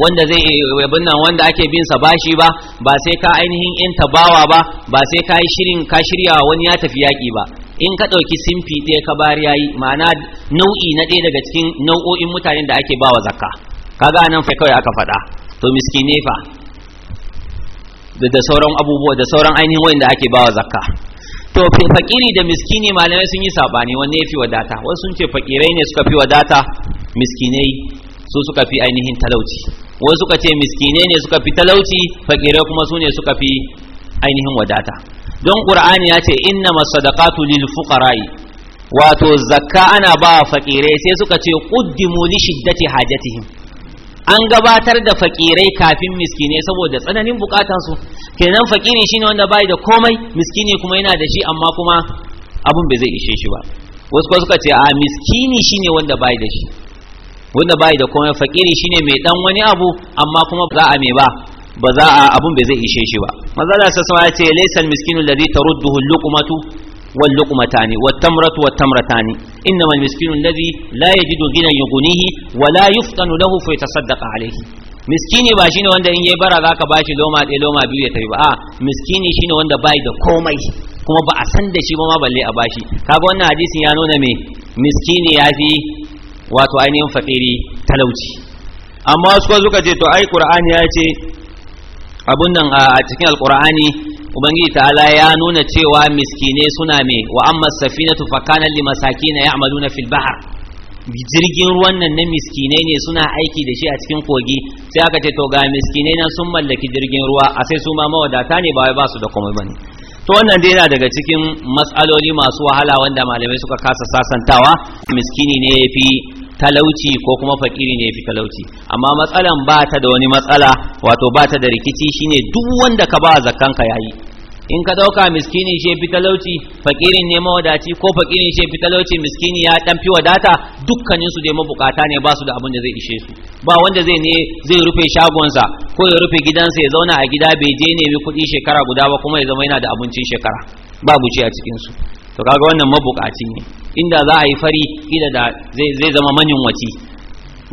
[SPEAKER 1] wanda zai eh, abun nan wanda ake bin sa bashi ba ba sai ka ainihin in tabawa ba ba sai ka yi shirin ka shirya wani ya tafi yaki ba in ka ɗauki simfi ɗaya ka bari yayi ma'ana nau'i na ɗaya daga cikin nau'o'in mutanen da ake bawa zakka kaga nan fa kawai aka faɗa to miskine fa da sauran abubuwa da sauran ainihin wanda ake bawa zakka to fakiri da miskine malamai sun yi sabani wanne ya fi wadata wasu sun ce fakirai ne suka fi wadata miskinai su suka fi ainihin talauci wasu suka ce miskinai ne suka fi talauci fakirai kuma su ne suka fi ainihin wadata don qur'ani ya ce inna masadaqatu lil fuqara'i wato zakka ana ba fakirai sai suka ce quddimu li shiddati hajatihim an gabatar da fakirai kafin miskine saboda tsananin su. kenan fakiri shine wanda bai da komai miskini kuma yana da shi amma kuma abun bai zai ishe shi ba wasu kuma suka ce a miskini shine wanda bai da shi wanda bai da komai fakiri shine mai dan wani abu amma kuma za a mai ba ba za a abun bai zai ishe shi ba maza da sassa ya ce laysal miskinu alladhi tarudduhu luqmatu wal luqmatani wat tamratu wat tamratani innama al miskinu alladhi la yajidu ghinan yughnihi wa la yuftanu lahu fa yatasaddaqa alayhi miskini ba shine wanda in yayi bara zaka bashi loma daya loma biyu ya tafi ba a miskini shine wanda bai da komai kuma ba a san da shi ba ma balle a bashi kaga wannan hadisin ya nuna me miskini ya fi wato ainihin fakiri talauci amma wasu suka ce to ai qur'ani ya ce abun nan a cikin alkur'ani ubangiji ta'ala ya nuna cewa miskine suna me wa amma safinatu fa kana li masakin ya'maluna fil bahr jirgin ruwan nan na miskinai ne suna aiki da shi a cikin kogi sai aka ce to ga miskinai nan sun mallaki jirgin ruwa a sai su ma mawadata ne ba wai ba su da komai bane to wannan dai yana daga cikin matsaloli masu wahala wanda malamai suka kasa sasantawa miskini ne yafi talauci ko kuma fakiri ne fi talauci amma matsalan ba ta da wani matsala wato ba ta da rikici shine duk wanda ka ba ka yayi in ka dauka miskini shi fi talauci fakirin ne mawadaci ko fakirin shi fi talauci miskini ya dan fi wadata dukkanin su dai mabukata ne ba su da abin da zai ishe su ba wanda zai ne zai rufe shagonsa ko ya rufe gidansa ya zauna a gida bai je nemi kuɗi shekara guda ba kuma ya zama yana da abincin shekara babu ci a cikin su to kaga wannan mabukaci ne inda za a yi fari kila da zai zama manyan waci,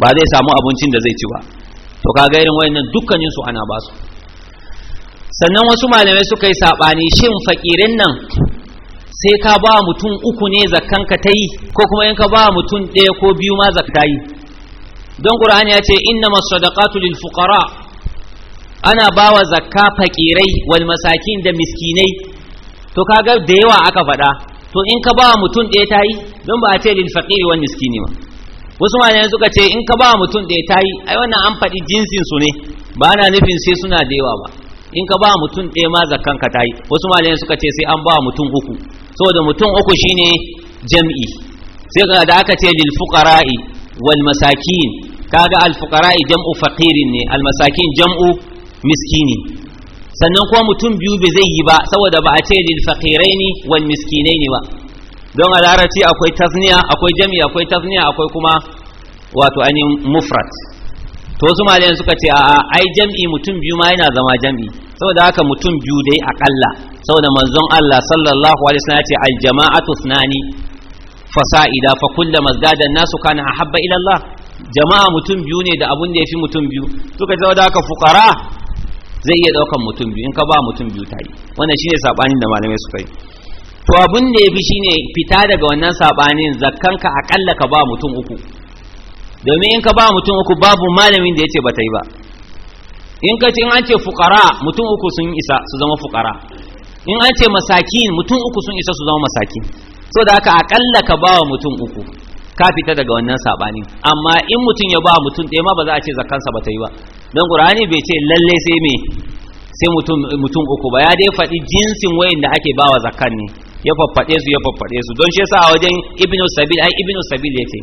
[SPEAKER 1] ba zai samu abincin da zai ci ba to kaga irin wayannan dukkanin su ana basu sannan wasu malamai suka yi sabani shin fakirin nan sai ka ba mutum uku ne zakkan ka ta yi ko kuma in ka ba mutum ɗaya ko biyu ma zakka yi don qur'ani ya ce inna masadaqatu lil fuqara ana bawa zakka fakirai wal masakin da miskinai to kaga da yawa aka faɗa to in ka ba mutum ɗaya ta yi don ba a ce lil faqiri wal miskini ba wasu malamai suka ce in ka ba mutum ɗaya ta yi ai wannan an faɗi jinsin su ne ba ana nufin sai suna da yawa ba in ka ba mutum ɗaya ma zakkan ka ta yi wasu malamai suka ce sai an ba mutum uku saboda mutum uku shine jam'i sai ka da aka ce lil fuqara'i wal masakin kaga al fuqara'i jam'u faqirin ne al masakin jam'u miskini sannan kuma mutum biyu bai zai yi ba saboda ba a ce lil faqiraini wal ne ba don a larabci akwai tasniya akwai jami akwai tasniya akwai kuma wato ainihin mufrat to su malayan suka ce a'a ai jam'i mutum biyu ma yana zama jam'i saboda haka mutum biyu dai akalla saboda manzon Allah sallallahu alaihi wasallam ya ce al jama'atu thnani fasa'ida fa kullama zada nasu kana ahabba ila Allah jama'a mutum biyu ne da abun da yafi mutum biyu suka ce saboda haka fuqara zai iya daukan mutum biyu in ka ba mutum biyu ta yi wannan shine sabanin da malamai suka yi to abun da ya shi shine fita daga wannan sabanin ka akalla ka ba mutum uku domin in ka ba mutum uku babu malamin da yace bata yi ba in ka ce in an ce fuqara mutum uku sun isa su zama fuqara in an ce masakin mutum uku sun isa su zama masakin so da haka akalla ka ba wa mutum uku ka fita daga wannan sabani amma in mutum ya ba mutum ɗaya ma ba za a ce zakansa ba ta yi ba don qur'ani bai ce lalle sai me sai mutum mutum uku ba ya dai faɗi jinsin wayin da ake bawa zakan ne ya faffaɗe su ya faffaɗe su don shi yasa a wajen ibnu sabil ai ibnu sabil yace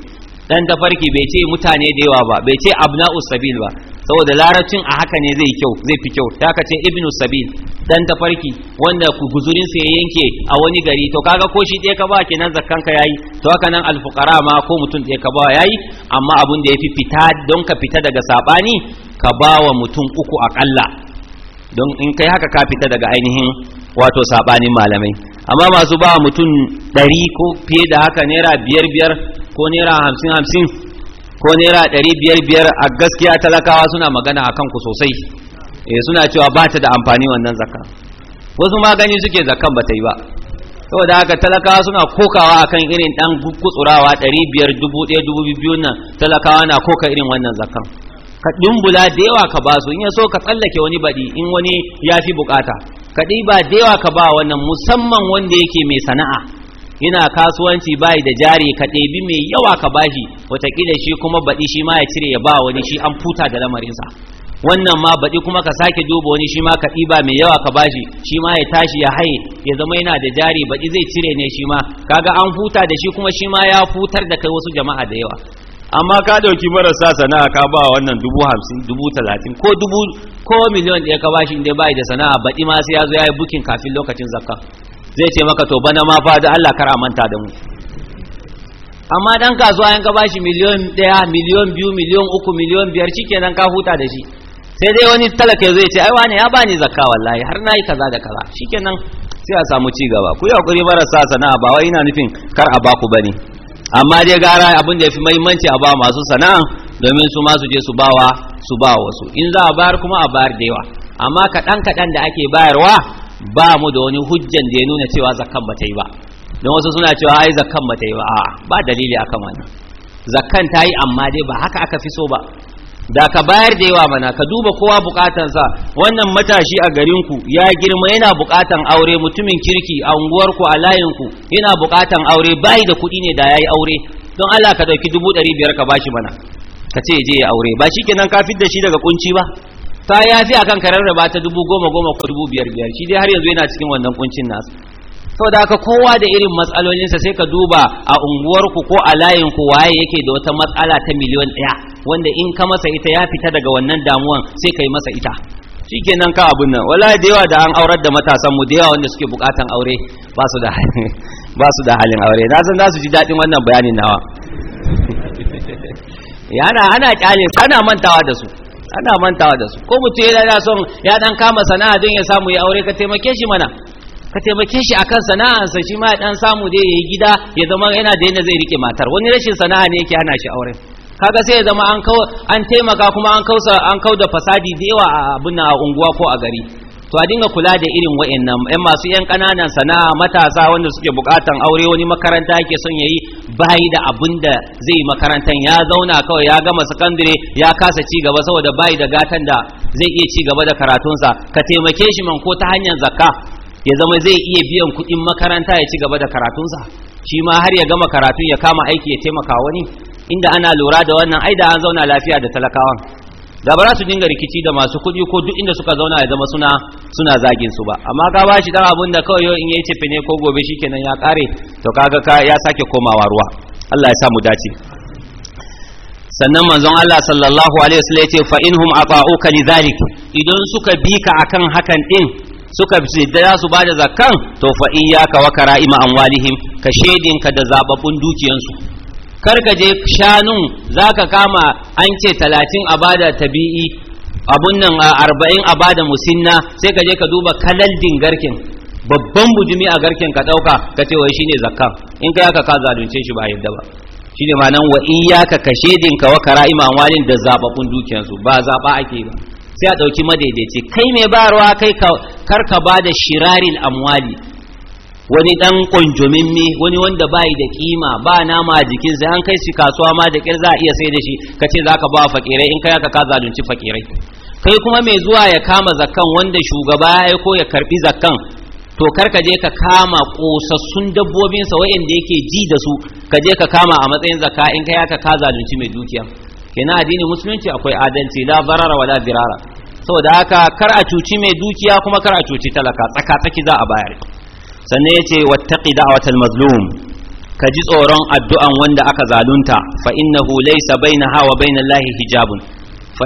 [SPEAKER 1] dan tafarki bai ce mutane da yawa ba bai ce abna'u sabil ba saboda larabcin a haka ne zai kyau zai fi kyau ta ce ibnu sabil dan tafarki wanda guzurin sa ya yanke a wani gari to kaga ko shi ɗaya ka ba kenan zakkan ka yayi to haka nan alfuqara ma ko mutum ɗaya ka ba yayi amma abun da yafi fita don ka fita daga sabani ka ba wa mutum uku akalla don in kai haka ka fita daga ainihin wato sabanin malamai amma masu ba mutum ɗari ko fiye da haka naira biyar biyar ko naira hamsin hamsin ko naira ɗari biyar biyar a gaskiya talakawa suna magana a kanku sosai e suna cewa ba ta da amfani wannan zakka wasu magani suke zakkan ba ta yi ba saboda haka talakawa suna kokawa akan irin ɗan kutsurawa ɗari biyar dubu ɗaya dubu biyu nan talakawa na koka irin wannan zakan ka ɗimbula da yawa ka ba su in ya so ka tsallake wani baɗi in wani ya fi bukata ka ɗiba da yawa ka ba wannan musamman wanda yake mai sana'a yana kasuwanci bai da jari ka ɗebi mai yawa ka bashi watakila shi kuma baɗi shi ma ya cire ya ba wani shi an futa da lamarinsa wannan ma baɗi kuma ka sake duba wani shi ma ka ɗiba mai yawa ka bashi shi ma ya tashi ya haye ya zama yana da jari baɗi zai cire ne shi ma kaga an futa da shi kuma shi ma ya futar da kai wasu jama'a da yawa amma ka ɗauki marasa sana'a ka ba wannan dubu hamsin dubu talatin ko dubu ko miliyon ɗaya ka bashi inda bai da sana'a baɗi ma sai ya zo ya yi bukin kafin lokacin zakka zai ce maka to bana ma fa Allah kar a manta da mu amma dan kasuwa ka bashi miliyon ɗaya miliyon biyu miliyon uku miliyon biyar shikenan ka huta da shi sai dai wani talaka zai ce ai wani ya bani zakka wallahi har nayi kaza da kaza shikenan sai a samu ci gaba ku yi hakuri marasa sana'a ba wai ina nufin kar a baku bane amma dai gara abin da ya fi mahimmanci a ba masu sana'a domin su ma su je su bawa su ba wasu in za a bayar kuma a bayar da yawa amma kaɗan kaɗan da ake bayarwa ba mu da wani hujjan da ya nuna cewa zakan bata yi ba don wasu suna cewa ai zakan bata yi ba a ba dalili akan wannan zakan ta yi amma dai ba haka aka fi so ba da ka bayar da yawa mana ka duba kowa sa wannan matashi a garin ku ya girma yana bukatan aure mutumin kirki a unguwarku a layinku yana bukatan aure bayi da kuɗi ne da yayi aure don Allah ka dauki dubu ɗari ka bashi mana ka ce je ya aure ba shi kenan ka da shi daga kunci ba ta ya sai akan karar da ta dubu goma goma ko dubu biyar biyar shi dai har yanzu yana cikin wannan kuncin nasu saboda haka kowa da irin matsalolinsa sai ka duba a unguwarku ko a layinku waye yake da wata matsala ta miliyon ɗaya wanda in ka masa ita ya fita daga wannan damuwan sai ka yi masa ita shikenan ka abun nan wallahi da yawa da an aurar da matasan mu da yawa wanda suke bukatan aure ba su da ba su da halin aure na san za su ji dadin wannan bayanin nawa yana ana kyale sana mantawa da su ana mantawa da su ko mutum yana son ya dan kama sana'a don ya samu ya aure ka taimake shi mana ka taimake shi akan sana'ansa shi ma ya dan samu dai yayi gida ya zama yana da yadda zai rike matar wani rashin sana'a ne yake hana shi aure kaga sai ya zama an an taimaka kuma an kausa an kauda fasadi da yawa a abin a unguwa ko a gari to a dinga kula da irin wa'annan yan masu yan ƙananan sana'a matasa wanda suke bukatan aure wani makaranta yake son yayi bayi da abin da zai makarantan ya zauna kawai ya gama sakandare ya kasa ci gaba saboda bayi da gatan da zai iya ci gaba da karatunsa ka taimake shi man ko ta hanyar zakka ya zama zai iya biyan kuɗin makaranta ya ci gaba da karatunsa shi ma har ya gama karatun ya kama aiki ya taimaka wani inda ana lura da wannan ai da an zauna lafiya da talakawan da ba za su dinga rikici da masu kuɗi ko duk inda suka zauna ya zama suna suna zagin su ba amma ka bashi dan abun da kawai yau in yayi cefe ne ko gobe shikenan ya kare to kaga ka ya sake komawa ruwa Allah ya sa mu dace sannan manzon Allah sallallahu alaihi wasallam yace fa inhum ata'uka lidhalik idan suka ka akan hakan din suka da su bada zakkan to fa iyyaka wa kara'ima amwalihim ka shedin ka da zababun dukiyansu kar ka je shanun zaka kama an ce talatin a bada tabi'i abun nan arba'in a bada musinna sai ka je ka duba kalaldin garkin babban bujumi a garkin ka ɗauka ka ce wai shine zakka in ka yaka ka zalunce shi ba yadda ba shine ma nan wa iyyaka ka shedin ka wa kara'ima walin da dukiyar su ba zaba ake ba sai a ɗauki madaidaici kai mai bayarwa kai kar ka bada shirarin amwali wani dan kunjumimmi wani wanda bai da kima ba nama a jikin sai an kai shi kasuwa ma da kyar za a iya sai da shi kace zaka ba fakirai in kai ka zalunci fakirai kai kuma mai zuwa ya kama zakkan wanda shugaba ya aiko ya karbi zakkan to kar ka je ka kama kosassun dabbobinsa wa'anda yake ji da su ka je ka kama a matsayin zakka in kai ka zalunci mai dukiya kenan addini musulunci akwai adalci la barara wala dirara saboda haka kar a cuci mai dukiya kuma kar a cuci talaka tsaka tsaki za a bayar sannan ya ce wattaqi da'watal mazlum ka ji tsoron addu'an wanda aka zalunta fa innahu laysa bainaha wa lahi hijabun fa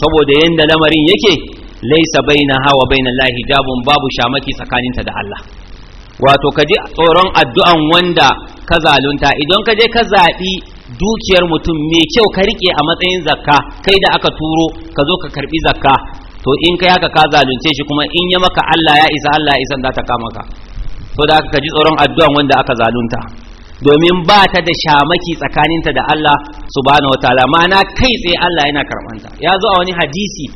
[SPEAKER 1] saboda yadda lamarin yake laysa bainaha wa lahi hijabun babu shamaki tsakaninta da Allah wato ka ji tsoron addu'an wanda ka zalunta idan ka je ka zaɓi dukiyar mutum mai kyau ka rike a matsayin zakka kai da aka turo ka zo ka karɓi zakka to in kai haka ka zalunce shi kuma in ya maka Allah ya isa Allah ya isa za ta kama ka so da aka ji tsoron addu'an wanda aka zalunta domin ba ta da shamaki tsakaninta da Allah subhanahu wataala ma'ana kai tsaye Allah yana karɓanta ya zo a wani hadisi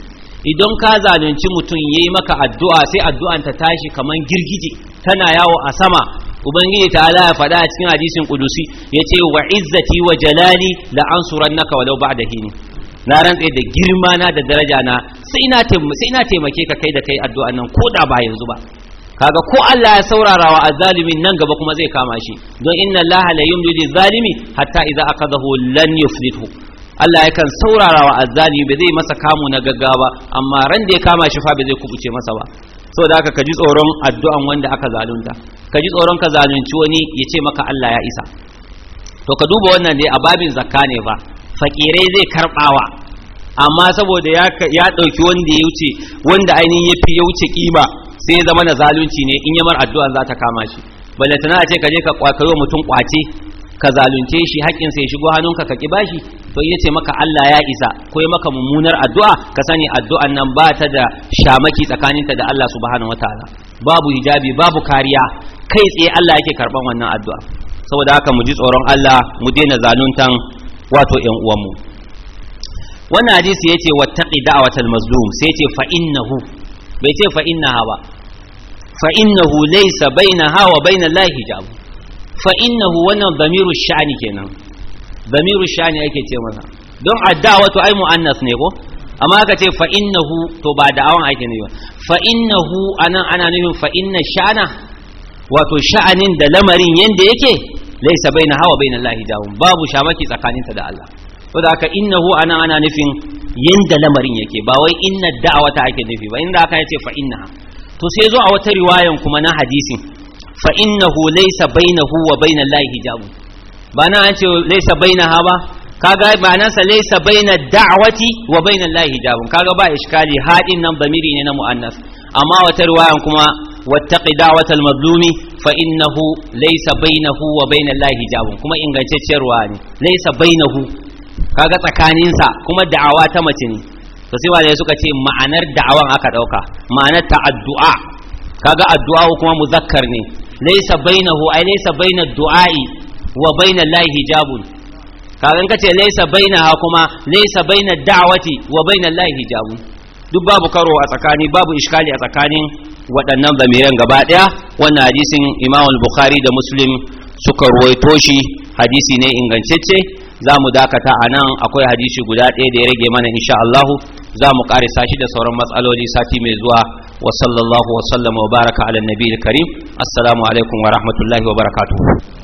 [SPEAKER 1] idan ka zalunci mutum ya yi maka addu'a sai addu'an ta tashi kamar girgije tana yawo a sama ubangiji ta ala ya faɗa a cikin hadisin kudusi ya ce wa izzati wa jalali la naka walau da hini na rantse da girma na da daraja na sai na taimake ka kai da kai addu'an nan ko da ba yanzu ba kaga ko Allah ya saurara wa azzalimin nan gaba kuma zai kama shi don inna Allah la yumli zalimi hatta idza aqadahu lan yuflithu Allah yakan saurara wa azzalimi ba zai masa kamo na gaggawa amma ran da ya kama shi fa ba zai kubuce masa ba saboda haka ka ji tsoron addu'an wanda aka zalunta ka ji tsoron ka zalunci wani ya ce maka Allah ya isa to ka duba wannan dai a babin zakka ne ba fakirai zai karbawa amma saboda ya ɗauki wanda ya wuce wanda ainihin ya fi ya wuce kima sai zama na zalunci ne in yamar addu'a za ta kama shi balantana a ce ka je ka kwakaro mutum kwace ka zalunce shi haƙƙin sai shigo hannunka ka ki bashi to ya ce maka Allah ya isa ko maka mummunar addu'a ka sani addu'an nan ba ta da shamaki tsakaninta da Allah subhanahu wataala babu hijabi babu kariya kai tsaye Allah yake karban wannan addu'a saboda haka mu ji tsoron Allah mu daina zaluntan wato ƴan uwanmu wannan hadisi yace wattaqi da'watal mazlum sai yace fa innahu bai ce fa innaha ba fa innahu laysa bainaha wa bainal lahi hijab fa innahu wannan damiru sha'ani kenan damiru sha'ani ake ce masa don addawatu ai muannas ne ko amma aka ce fa innahu to ba da'awan ake ne ba fa innahu anan ana nufin fa inna sha'ana wato sha'anin da lamarin yanda yake laysa bainaha wa bainal lahi hijab babu shamaki tsakaninta da Allah to da haka innahu anan ana nufin yadda lamarin yake ba wai inna wata ake nufi ba inda aka yace fa innaha to sai zo a wata riwayan kuma na hadisin fa innahu laysa bainahu wa baina Allah hijabu ba na an ce laysa bainaha ba kaga ba nan sa laysa baina da'wati wa baina Allah hijabu kaga ba iskali hadin nan bamiri ne na muannas amma wata riwayan kuma wattaqi da'wat al-mazlumi fa innahu laysa bainahu wa baina Allah hijabu kuma ingantacciyar ne laysa bainahu kaga tsakaninsa kuma da'awa ta mace ne to sai wale suka ce ma'anar da'awan aka dauka ma'anar ta addu'a kaga addu'a kuma muzakkar ne laysa bainahu ay laysa baina du'ai wa baina lahi hijabun kaga in kace laysa bainaha kuma laysa baina da'wati wa baina lahi hijabun duk babu karo a tsakani babu iskali a tsakanin waɗannan zamiran gaba daya wannan hadisin imam al-bukhari da muslim suka ruwaito shi hadisi ne ingantacce za mu dakata a nan akwai hadisi guda ɗaya da ya rage mana insha Allahu za mu ƙare sashi da sauran matsaloli sati mai zuwa wa sallallahu wa sallama wa baraka ala nabi karim assalamu alaikum wa rahmatullahi wa barakatuhu